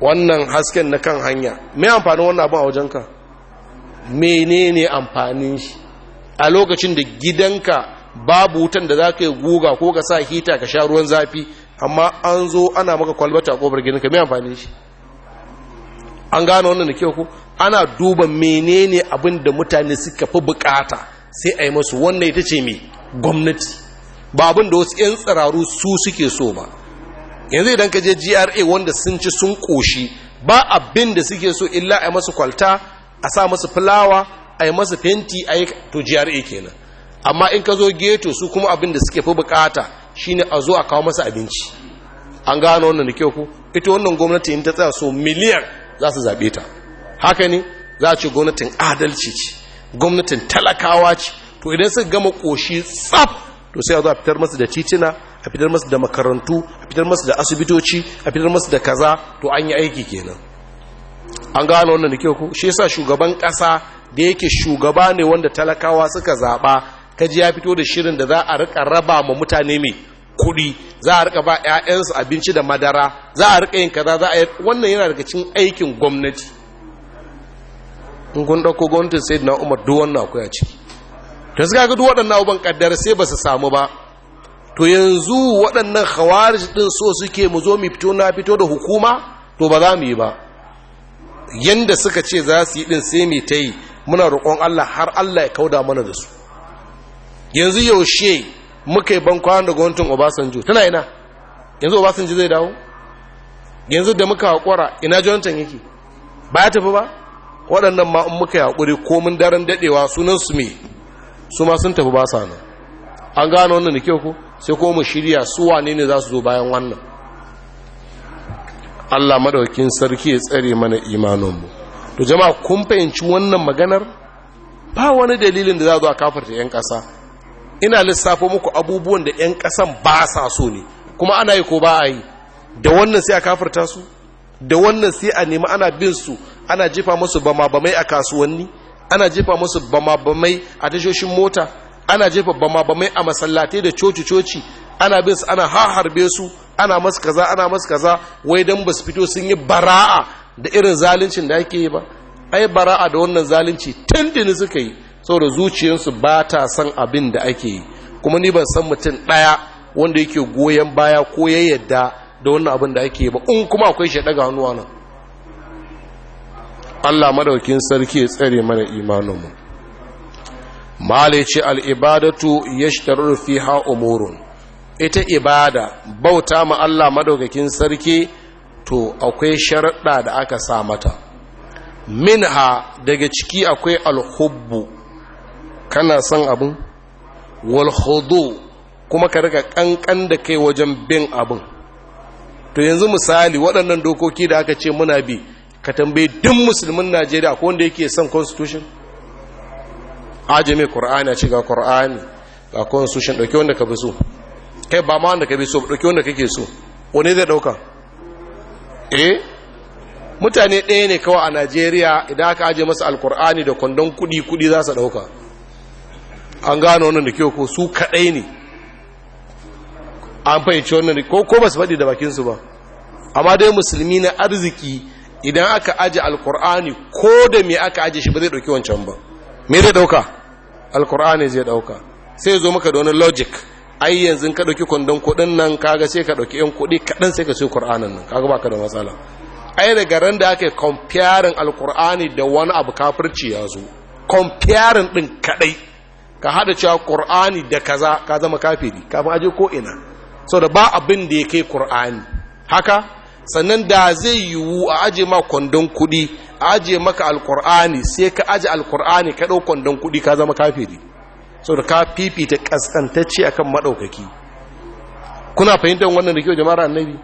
wannan hasken na kan hanya mai amfanin wannan abin a wajenka ne amfanin shi a lokacin da gidanka babu wutan da za ka yi guga ko ka sa hita ka sha ruwan zafi amma an zo ana maka kwalbata a ƙofar gidanka mai amfanin shi an gane wannan da kyau ku ana duba menene abin da mutane suka fi bukata sai a yi masu wannan ita ce mai gwamnati ba abin da wasu 'yan tsararu su suke so ba yanzu idan ka je gra wanda sun ci sun ƙoshi ba abin da suke so illa a yi masu kwalta a sa masu fulawa a yi masu fenti a yi to gra kenan amma in ka zo geto su kuma abin da suke fi bukata shine a zo a kawo masa abinci an gano wannan da kyau ku ita wannan gwamnati in ta tsaya so miliyan za su zaɓe ta haka ne za a ce gwamnatin adalci ce gwamnatin talakawa ce to idan suka gama ƙoshi tsaf to sai a zo a fitar masu da titina a fitar masu da makarantu a fitar masu da asibitoci a fitar masu da kaza to an yi aiki kenan an gano wannan da kyau shi yasa shugaban ƙasa da yake shugaba ne wanda talakawa suka zaɓa kaji ya fito da shirin da za a rika raba ma mutane mai kuɗi za a rika ba ƴaƴansu abinci da madara za a rika yin kaza za a wannan yana daga cikin aikin gwamnati in kun ɗauko gwamnatin sai na umar duk wannan akwai a ciki da suka ga duk waɗannan abubuwan ƙaddar sai ba su samu ba to yanzu waɗannan khawarij ɗin so suke mu zo mu fito na fito da hukuma to ba za mu yi ba yanda suka ce za su yi ɗin sai mu ta yi muna roƙon Allah har Allah ya kauda mana da su yanzu yaushe muka yi ban da gwamnatin Obasanjo tana ina yanzu Obasanjo zai dawo yanzu da muka haƙura ina Johnson yake ba ya tafi ba waɗannan ma in muka yaƙuri komin daren daɗewa sunan su me su ma sun tafi ba sa nan an gano wannan da kyau ku sai ko mu shirya su wane ne za su zo bayan wannan Allah maɗaukin sarki ya tsare mana imaninmu to jama'a kun fahimci wannan maganar ba wani dalilin da za zo a kafarta 'yan ƙasa ina lissafo muku abubuwan da 'yan ƙasan ba sa so ne kuma ana yi ko ba a yi da wannan sai a kafarta su da wannan sai a nema ana bin su ana jefa musu bama-bamai a kasuwanni ana jefa musu bama-bamai a tashoshin mota ana jefa bama-bamai a masallatai da coci-coci ana bin su ana harbe su ana masu kaza ana masu kaza wai don ba su fito sun yi bara'a da irin zaluncin da ake yi ba ai bara'a da wannan zalunci ni suka yi saboda zuciyarsu ba ta son abin da ake yi kuma ni ban san mutum ɗaya wanda yake goyon baya ko ya yadda da wannan abin da ake ba in kuma akwai shi daga hannuwa nan Allah madaukin sarki ya tsare mana imaninmu malice al'ibadatu ya shitarar fi ha umurun ita ibada bauta ma Allah madaukakin sarki to akwai sharaɗa da aka sa mata minha daga ciki akwai alhubbu kana son abin walhudu kuma ka rika ƙanƙan da kai wajen bin abin to yanzu misali waɗannan dokoki da aka ce muna bi ka tambayi duk musulmin najeriya ko wanda yake son constitution ajami qur'ani a ce ga qur'ani ga constitution ɗauki wanda ka bi so kai ba ma wanda ka bi so ɗauki wanda kake so wani zai ɗauka eh mutane ɗaya ne kawai a najeriya idan aka aje masa alkur'ani da kwandon kuɗi kuɗi za su ɗauka an gano wannan da kyau ko su kaɗai ne an fahimci wannan ko ko ba su faɗi da bakinsu ba amma dai musulmi na arziki idan aka aje alkur'ani ko da me aka aje shi ba zai ɗauki wancan ba me zai ɗauka alkur'ani zai ɗauka sai zo maka da wani logic ai yanzu ka ɗauki kwandon kuɗin nan kaga sai ka ɗauki yan kuɗi kaɗan sai ka sai kur'anin nan kaga ka da matsala ai daga ran da aka comparing alkur'ani da wani abu kafirci ya zo comparing ɗin kaɗai ka haɗa cewa kur'ani da kaza ka zama kafiri kafin aje ko ina so da ba abin da ya kai ƙur'ani haka sannan da zai yiwu a aje ma kwandon kuɗi a aje maka alƙur'ani sai ka aje alƙur'ani ka ɗau kwandon kuɗi ka zama kafiri so da ka fifita ƙasƙantacce akan maɗaukaki kuna fahimtar wannan da kyau jama'ar annabi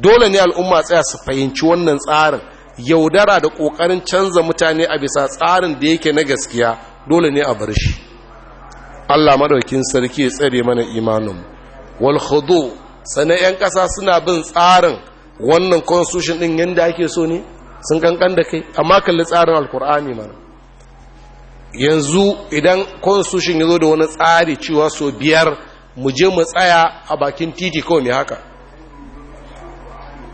dole ne al'umma tsaya su fahimci wannan tsarin yaudara da ƙoƙarin canza mutane a bisa tsarin da yake na gaskiya dole ne a bar shi Allah maɗaukin sarki ya tsare mana imaninmu wal khudu sannan 'yan ƙasa suna bin tsarin wannan constitution ɗin yadda ake so ne sun kankan da kai amma kalli tsarin alkur'ani mana yanzu idan constitution ya zo da wani tsari cewa so biyar mu je mu tsaya a bakin titi kawai mai haka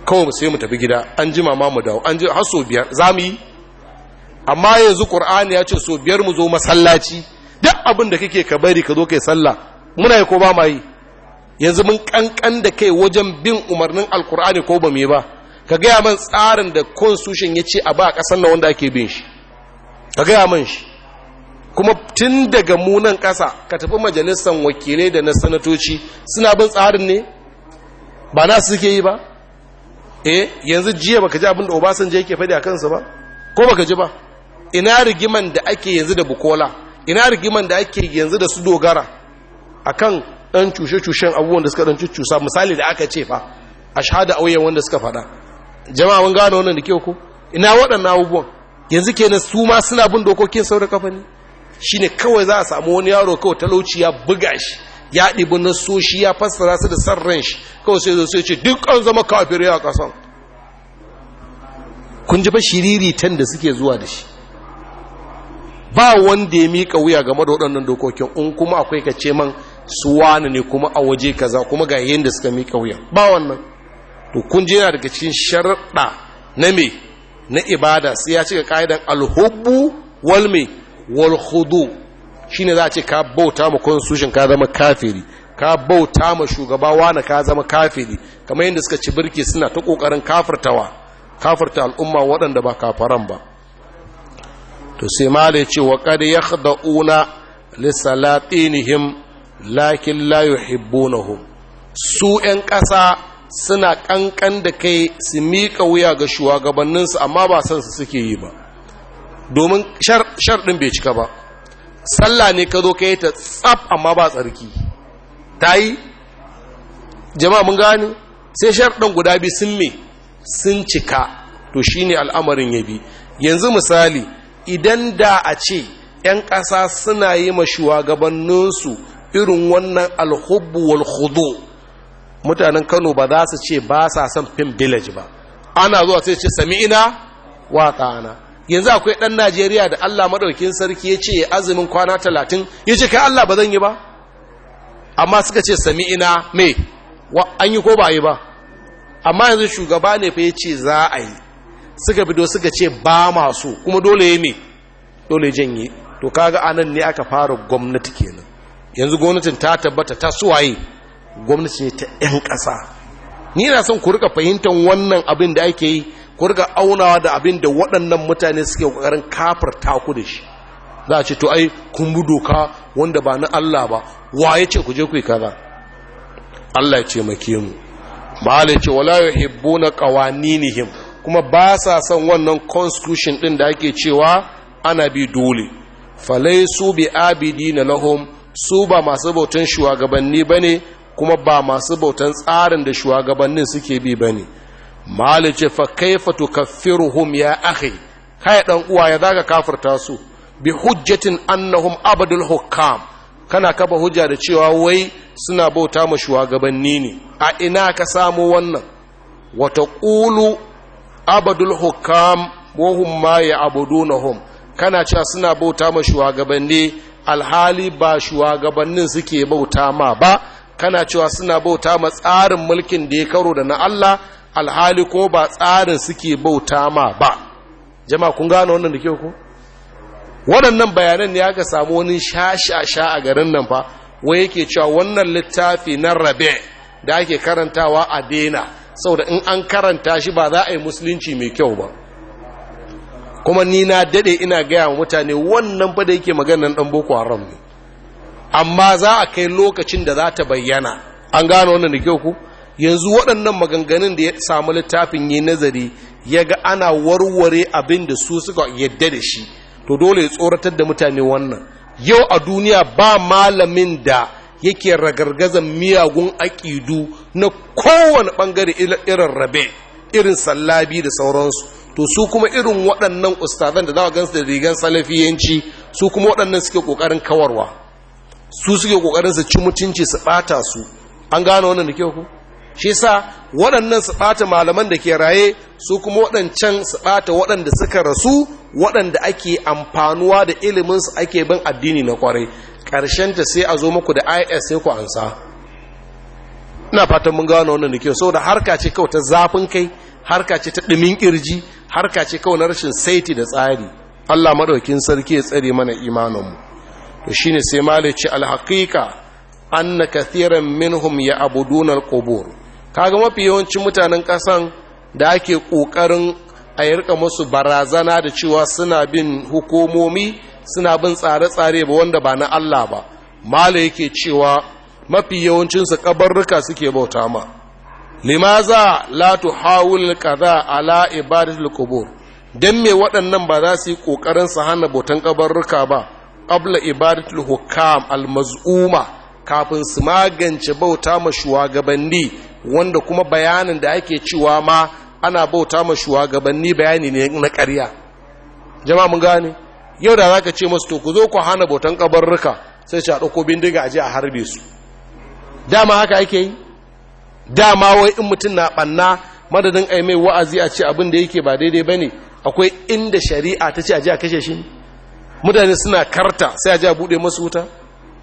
kawai sai mu tafi gida an ji mama mu dawo an ji har so biyar za mu yi amma yanzu ƙur'ani ya ce so biyar mu zo masallaci duk abin da kake ka bari ka zo kai sallah muna yi ko ba ma yi yanzu mun kankan da kai wajen bin umarnin alkur'ani ko ba mai ba ka gaya man tsarin da constitution ya ce a ba a ƙasar na wanda ake bin shi ka gaya man shi kuma tun daga munan ƙasa ka tafi majalisar wakilai da na sanatoci suna bin tsarin ne ba na suke yi ba eh yanzu jiya baka ji abin da obasanjo yake faɗi a kansa ba ko baka ji ba ina rigiman da ake yanzu da bukola ina rigiman da ake yanzu da su dogara akan ɗan cushe-cushen abubuwan da suka ɗan cusa misali da aka ce fa ashhadu auyen wanda suka faɗa jama'a mun gano wannan da kyau ko ina waɗannan abubuwan yanzu kenan su ma suna bin dokokin sau da Shi ne kawai za a samu wani yaro kawai talauci ya buga shi ya ɗibi na soshi ya fassara su da san ran shi kawai sai zo sai ce duk an zama kafirai ya ƙasan kun ji ba da suke zuwa da shi ba wanda ya miƙa wuya game da waɗannan dokokin in kuma akwai ka ce man su ne kuma a waje kaza kuma ga yadda suka miƙa wuya ba wannan to kun je daga cikin sharaɗa na me na ibada sai ya cika ka'idan alhubbu wal me wal khudu shine za a ce ka bauta ma constitution ka zama kafiri ka bauta ma shugaba wana ka zama kafiri kamar yadda suka ci birki suna ta kokarin kafirtawa kafirta al'umma waɗanda ba kafaran ba to sai ma da ya ce wa kad yakhda'una li lakin la su 'yan ƙasa suna ƙanƙan da kai su miƙa wuya ga shugabanninsu amma ba san su suke yi ba domin sharɗin bai cika ba sallah ne ka zo ka yi ta tsaf amma ba tsarki ta yi jama'a mun gani sai sharɗin guda biyu sun me sun cika to shi ne al'amarin ya bi yanzu misali idan da a ce 'yan ƙasa suna yi ma shugabanninsu irin wannan alhubu wal khudu mutanen Kano ba za su ce ba sa son film village ba ana zuwa sai ce sami'ina wa ta'ana yanzu akwai dan Najeriya da Allah madaukin sarki ya ce azumin kwana 30 yace kai Allah ba zan yi ba amma suka ce sami'ina me an yi ko ba yi ba amma yanzu shugaba ne fa ya ce za a yi suka bido suka ce ba masu kuma dole ya me dole janye to kaga anan ne aka fara gwamnati kenan yanzu gwamnatin ta tabbata ta suwaye gwamnati ta 'yan ƙasa ni na son ku rika fahimtar wannan abin da ake yi ku rika aunawa da abin da waɗannan mutane suke ƙoƙarin kafar taku da shi za a ce to ai kun bi doka wanda ba na Allah ba wa ya ce ku je ku yi kaza Allah ya ce make mu ba ya ce wala yuhibbuna qawaninihim kuma ba sa son wannan constitution ɗin da ake cewa ana bi dole falaisu bi na lahum su ba masu bautan shugabanni ba ne kuma ba masu bautan tsarin da shugabannin suke bi ba ne malice fa kaifa tukaffiruhum ya akhi kai dan uwa ya zaga kafirta su bi hujjatin annahum abadul hukam kana kaba hujja da cewa wai suna bauta ma shugabanni ne a ina ka samu wannan wata ƙulu abadul hukam wahum ma ya abudunahum kana cewa suna bauta ma shugabanni alhali ba shugabannin suke bauta ma ba kana cewa suna bauta ma tsarin mulkin da ya karo da na Allah alhali ko ba tsarin suke bauta ma ba jama'a kun gano wannan da ke ku waɗannan bayanan ya ga samu wani sha-sha-sha a garin nan fa wai yake cewa wannan littafi na rabe da ake karantawa a dena saboda in an karanta shi ba za a yi musulunci mai kyau ba kuma ni na dade ina gaya wa mutane wannan fa da yake maganan dan boko haram ne amma za a kai lokacin da za ta bayyana an gano wannan da kyau ku yanzu waɗannan maganganun da ya samu littafin yi nazari ya ga ana warware abin da su suka yadda da shi to dole ya tsoratar da mutane wannan yau a duniya ba malamin da yake ragargazan miyagun aƙidu na kowane ɓangare irin rabe irin sallabi da sauransu to su kuma irin waɗannan ustazan da za gansu da rigan salafiyanci su kuma waɗannan suke ƙoƙarin kawarwa su suke ƙoƙarin su ci mutunci su ɓata su an gane wannan da kyau ku shi sa waɗannan su ɓata malaman da ke raye su kuma waɗancan su ɓata waɗanda suka rasu waɗanda ake amfanuwa da iliminsu ake bin addini na ƙwarai ta sai a zo muku da is sai ku ansa ina fatan mun gano wannan da kyau saboda harka ce kawai ta zafin kai harka ce ta ɗumin ƙirji harka ce kawai na rashin saiti da tsari Allah maɗaukin sarki ya tsare mana imaninmu to shine sai alhaƙiƙa an anna kathiran minhum ya abu abuduna Ka kaga mafi yawancin mutanen ƙasan da ake ƙoƙarin a yarka musu barazana da cewa suna bin hukumomi suna bin tsare-tsare ba wanda ba na Allah ba mala yake cewa mafi yawancinsu ƙabarruka suke bauta ma limaza la Hawul, kaza ala ibadatul qubur dan me waɗannan ba za su yi kokarin su hana botan kabarruka ba qabla ibadatul hukam al maz'uma kafin su magance bauta ma shugabanni wanda kuma bayanin da ake cewa ma ana bauta ma shugabanni bayani ne na ƙarya jama'a mun gane yau da zaka ce musu to ku zo ku hana botan kabarruka sai ci a ɗauko bindiga a je a harbe su dama haka ake yi dama wai in mutum na ɓanna madadin aimai wa'azi a ce abin da yake ba daidai ba ne akwai inda shari'a ta ce a ji a kashe shi mutane suna karta sai a ji a buɗe masu wuta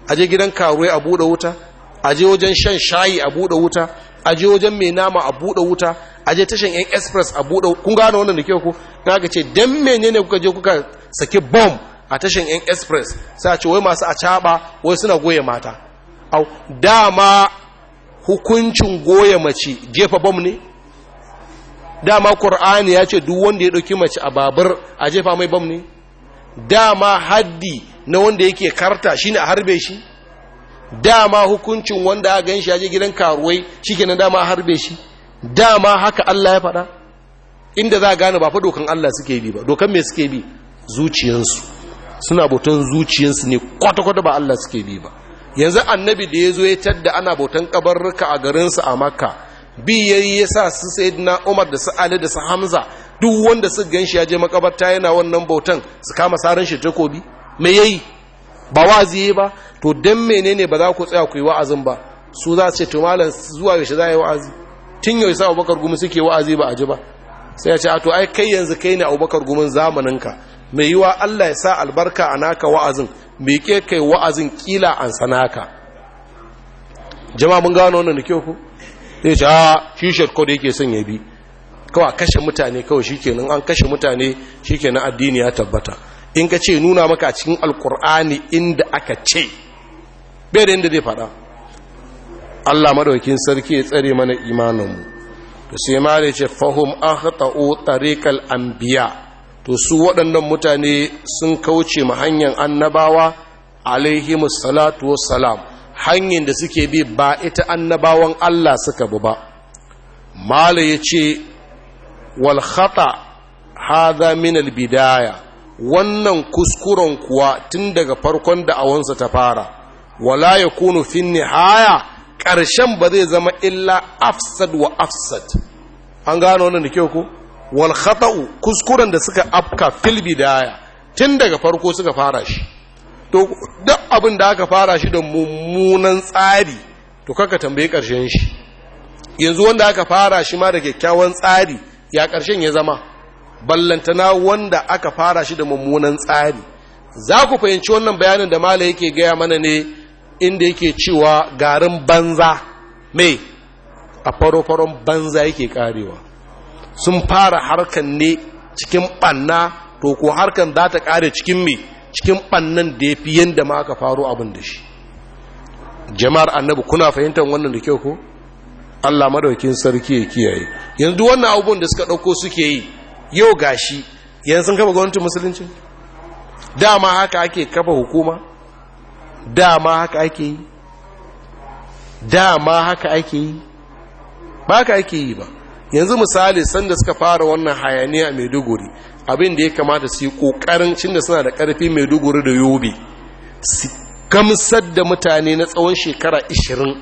a je gidan karuwa a buɗe wuta a je wajen shan shayi a buɗe wuta a je wajen mai nama a buɗe wuta a je tashan yan express a buɗe kun gano wannan da ke ku na ka ce dan menene kuka je kuka saki bom a tashan yan express sai a ce wai masu a caɓa wai suna goye mata dama hukuncin goya mace jefa bam ne dama ƙur'ani ya ce duk wanda ya ɗauki mace a babur a jefa mai bam ne dama haddi na wanda yake karta shi ne a harbe shi dama hukuncin wanda a gan shi ya je gidan karuwai shi kenan dama a harbe shi dama haka Allah ya faɗa inda za a gane ba fa dokan Allah suke bi ba dokan me suke bi zuciyansu suna boton zuciyansu ne kwata-kwata ba Allah suke bi ba yanzu annabi da ya zo ya tadda ana bautan kabarruka a garinsa a makka bi ya yi ya sa su sayidina umar da su ali da su hamza duk wanda su ganshi ya je makabarta yana wannan bautan su kama saran shi takobi me yayi ba wazi ba to dan menene ba za ku tsaya ku yi wa'azin ba su za su ce to malam zuwa yaushe za a yi wa'azi tun yau sa abubakar gumi suke wa'azi ba a ji ba sai ya ce to ai kai yanzu kai ne abubakar gumin zamaninka mai yiwa allah ya sa albarka a naka wa'azin Me miƙe kai wa'azin kila an sanaka jama'a mun gano wannan da kyau ku zai ce a ah, shi shirko da yake son ya bi kawai kashe mutane kawai shikenan an kashe mutane shikenan addini ya tabbata in ka ce nuna maka cikin alkur'ani inda aka ce bai da inda zai faɗa Allah madaukin sarki ya tsare mana imaninmu to sai ma da ce fahum akhta'u tariqal anbiya' to su waɗannan mutane sun kauce ma hanyar annabawa alaihimus salatu wassalam hanyar da suke bi ba ita annabawan Allah suka bi ba mala ya ce wal khata hadha min al bidaya wannan kuskuren kuwa tun daga farkon da awansa ta fara wala yakunu fi nihaya ƙarshen ba zai zama illa afsad wa afsad an gano wannan da kyau ko wal khata'u kuskuren da suka afka fil bidaya tun daga farko suka fara shi to duk abin da aka fara shi da mummunan tsari to kaka tambayi karshen shi yanzu wanda aka fara shi ma da kyakkyawan tsari ya karshen ya zama ballantana wanda aka fara shi da mummunan tsari za ku fahimci wannan bayanin da mala yake gaya mana ne inda yake cewa garin banza mai a faro-faron banza yake karewa sun fara harkan ne cikin ɓanna to ko harkan za ta ƙare cikin me cikin ɓannan da ya fi yadda ma aka faro abin da shi jama'ar annabi kuna fahimtar wannan da kyau ko allah madaukin sarki ya kiyaye yanzu wannan abubuwan da suka ɗauko suke yi yau gashi yanzu sun kafa gwamnatin musulunci dama haka ake kafa hukuma dama haka ake yi dama haka ake yi ba haka ake yi ba yanzu misali sanda suka fara wannan hayaniya a maiduguri abin da ya kamata su yi ƙoƙarin cin da suna da ƙarfi maiduguri da yobe su gamsar da mutane na tsawon shekara 20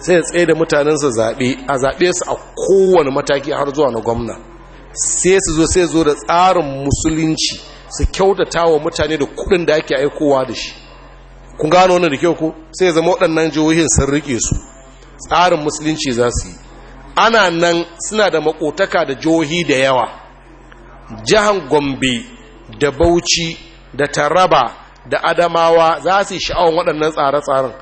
sai ya tsaye da mutanensa zaɓe a zaɓe su a kowane mataki har zuwa na gwamna sai su zo sai zo da tsarin musulunci su kyautata wa mutane da kuɗin da ake aikowa da shi kun gano wannan da kyau ko sai zama waɗannan jihohin sun rike su tsarin musulunci za su yi ana nan suna da makotaka da jihohi da yawa jihan gombe da bauchi da taraba da adamawa za su yi sha'awar waɗannan tsare-tsaren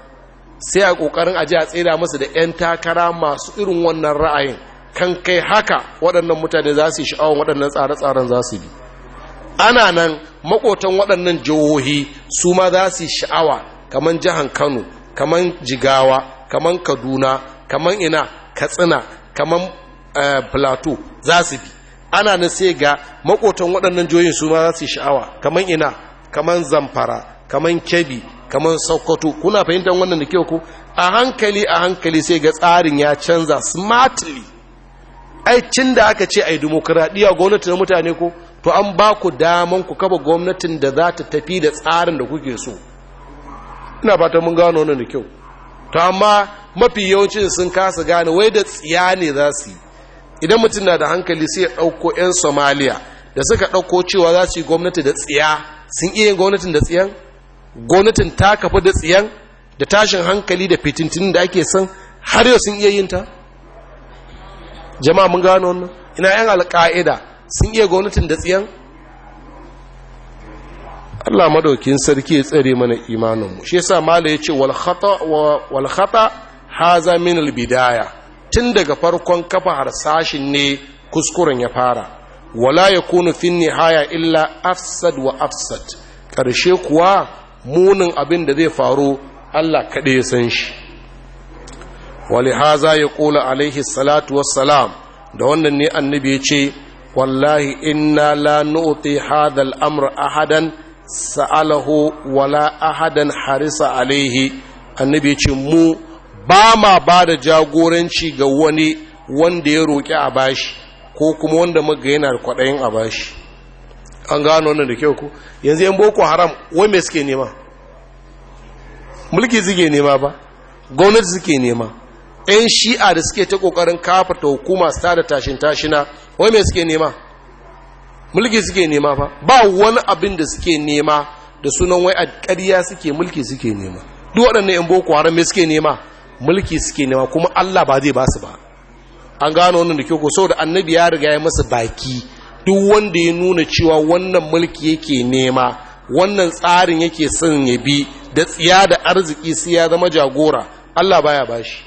sai a ƙoƙarin aji a tsira musu da 'yan takara masu irin wannan ra'ayin kan kai haka waɗannan mutane za su yi sha'awar waɗannan tsare-tsaren za su bi ana nan makotan waɗannan jihohi su ma za su yi sha'awa kamar jihar kano kamar jigawa kamar kaduna kamar ina katsina kamar eh, plateau za su bi ana na sai ga makotan waɗannan joyin su ma za su sha'awa kamar ina kamar zamfara kamar kebi kamar sokoto kuna fahimtar wannan da kyau ko a hankali a hankali sai ga tsarin ya canza smartly aicin da aka ce a yi gwamnati na mutane ko to an ba ku daman ku kaba gwamnatin da za ta tafi da tsarin da kuke so ina fata mun gano wannan da kyau to amma mafi yawancin sun kasa gane wai da tsiya ne za su yi idan mutum na da hankali sai ya ɗauko 'yan somaliya da suka ɗauko cewa za su yi gwamnati da tsiya sun iya yin gwamnatin da tsiyan gwamnatin ta kafa da tsiyan da tashin hankali da fitintinin da ake son har yau sun iya yin ta jama'a mun gano wannan ina 'yan alƙa'ida sun iya gwamnatin da tsiyan Allah madaukin sarki ya tsare mana imaninmu shi yasa mala yace wal khata wal khata haza min al bidaya tun daga farkon kafa harsashin ne kuskuren ya fara wala yakunu fi nihaya illa afsad wa afsad karshe kuwa munin abin da zai faru Allah kaɗai ya san shi wali haza ya ƙola alaihi salatu wassalam da wannan ne annabi ya ce wallahi inna la nu'ti hadha al-amra ahadan sa'alahu wala ahadan harisa alaihi annabi ce mu ba ma ba da jagoranci ga wani wanda ya roƙi a bashi ko kuma wanda maga yana da kwaɗayin a bashi an gano wannan da kyau ku yanzu yan boko haram wai mai suke nema mulki suke nema ba gwamnati suke nema yan shi'a da suke ta ƙoƙarin kafa ta hukuma su da tashin tashina wai mai suke nema mulki suke nema fa ba wani abin da suke nema da sunan wai a ƙarya suke mulki suke nema duk waɗannan yan boko haram me suke nema mulki suke nema kuma Allah ba zai ba su ba an gano wannan da kyau ko saboda annabi ya riga ya masa baki duk wanda ya nuna cewa wannan mulki yake nema wannan tsarin yake son ya bi da tsiya da arziki sai ya zama jagora Allah baya bashi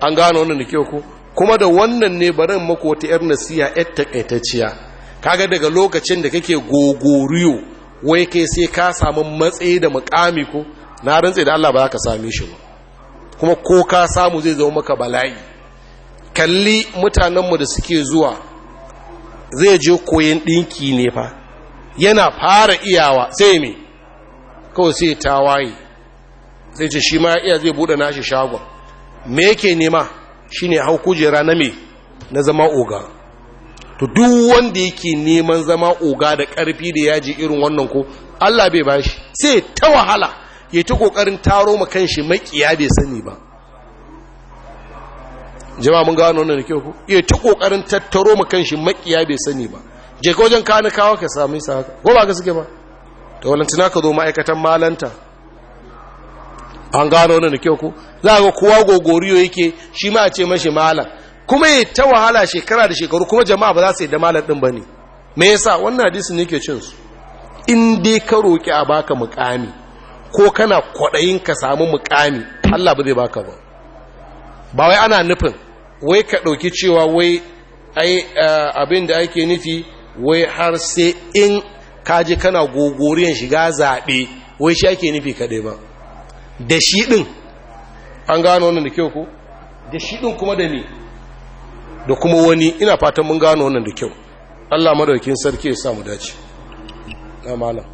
an gano wannan da kyau ko kuma da wannan ne barin mako ta yar nasiya yar takaitacciya kaga daga lokacin da kake gogoriyo wai kai sai ka samu matsayi da mukami ko na rantse da Allah ba za ka same shi ba kuma ko ka samu zai zama maka bala'i kalli mutanenmu da suke zuwa zai je koyin ɗinki ne fa yana fara iyawa sai me kawai sai ta waye zai ce shi ma iya zai buɗe nashi shagon me yake nema shine hau kujera na me na zama oga to duk wanda yake neman zama oga da ƙarfi da yaji irin wannan ko Allah bai bashi sai ta wahala ya ta kokarin taro ma kanshi makiya bai sani ba jama'a mun gano wannan da kyau ku? ya ta kokarin tattaro ma kanshi makiya bai sani ba je ka wajen kana kawo ka sami sa haka ko ba ka suke ba to na ka zo ma'aikatan malanta an gano wannan da kyau ku? za ga kowa gogoriyo yake shi ma a ce mashi malam kuma ya ta wahala shekara da shekaru kuma jama'a ba za su yi da malar ɗin ba ne me yasa wannan hadisin ne ke cinsu in dai ka roƙi a baka mukami ko kana kwaɗayin ka samu mukami allah ba zai baka ba ba wai ana nufin wai ka ɗauki cewa wai ai abin da ake nufi wai har sai in ka kaji kana gogoriyan shiga zaɓe wai shi ake nufi kaɗai ba da shi ɗin an gano wannan da kyau ko da shi ɗin kuma da ne da kuma wani ina fatan mun gano wannan da kyau Allah madaukin sarki ya samu dace na malam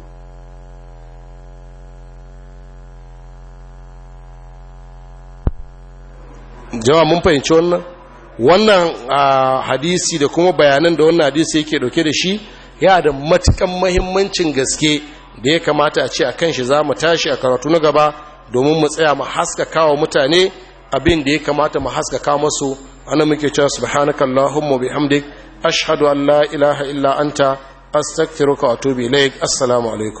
jama'a mun fahimci wannan wannan hadisi da kuma bayanan da wannan hadisi yake dauke da shi ya da matukan mahimmancin gaske da ya kamata a ce a kan shi za mu tashi a karatu na gaba domin mu tsaya mu haskaka wa mutane abin da ya kamata mu haskaka masu ana muke cewa subhanaka allahumma bihamdik ashhadu an la ilaha illa anta astaghfiruka wa atubu ilaik assalamu alaikum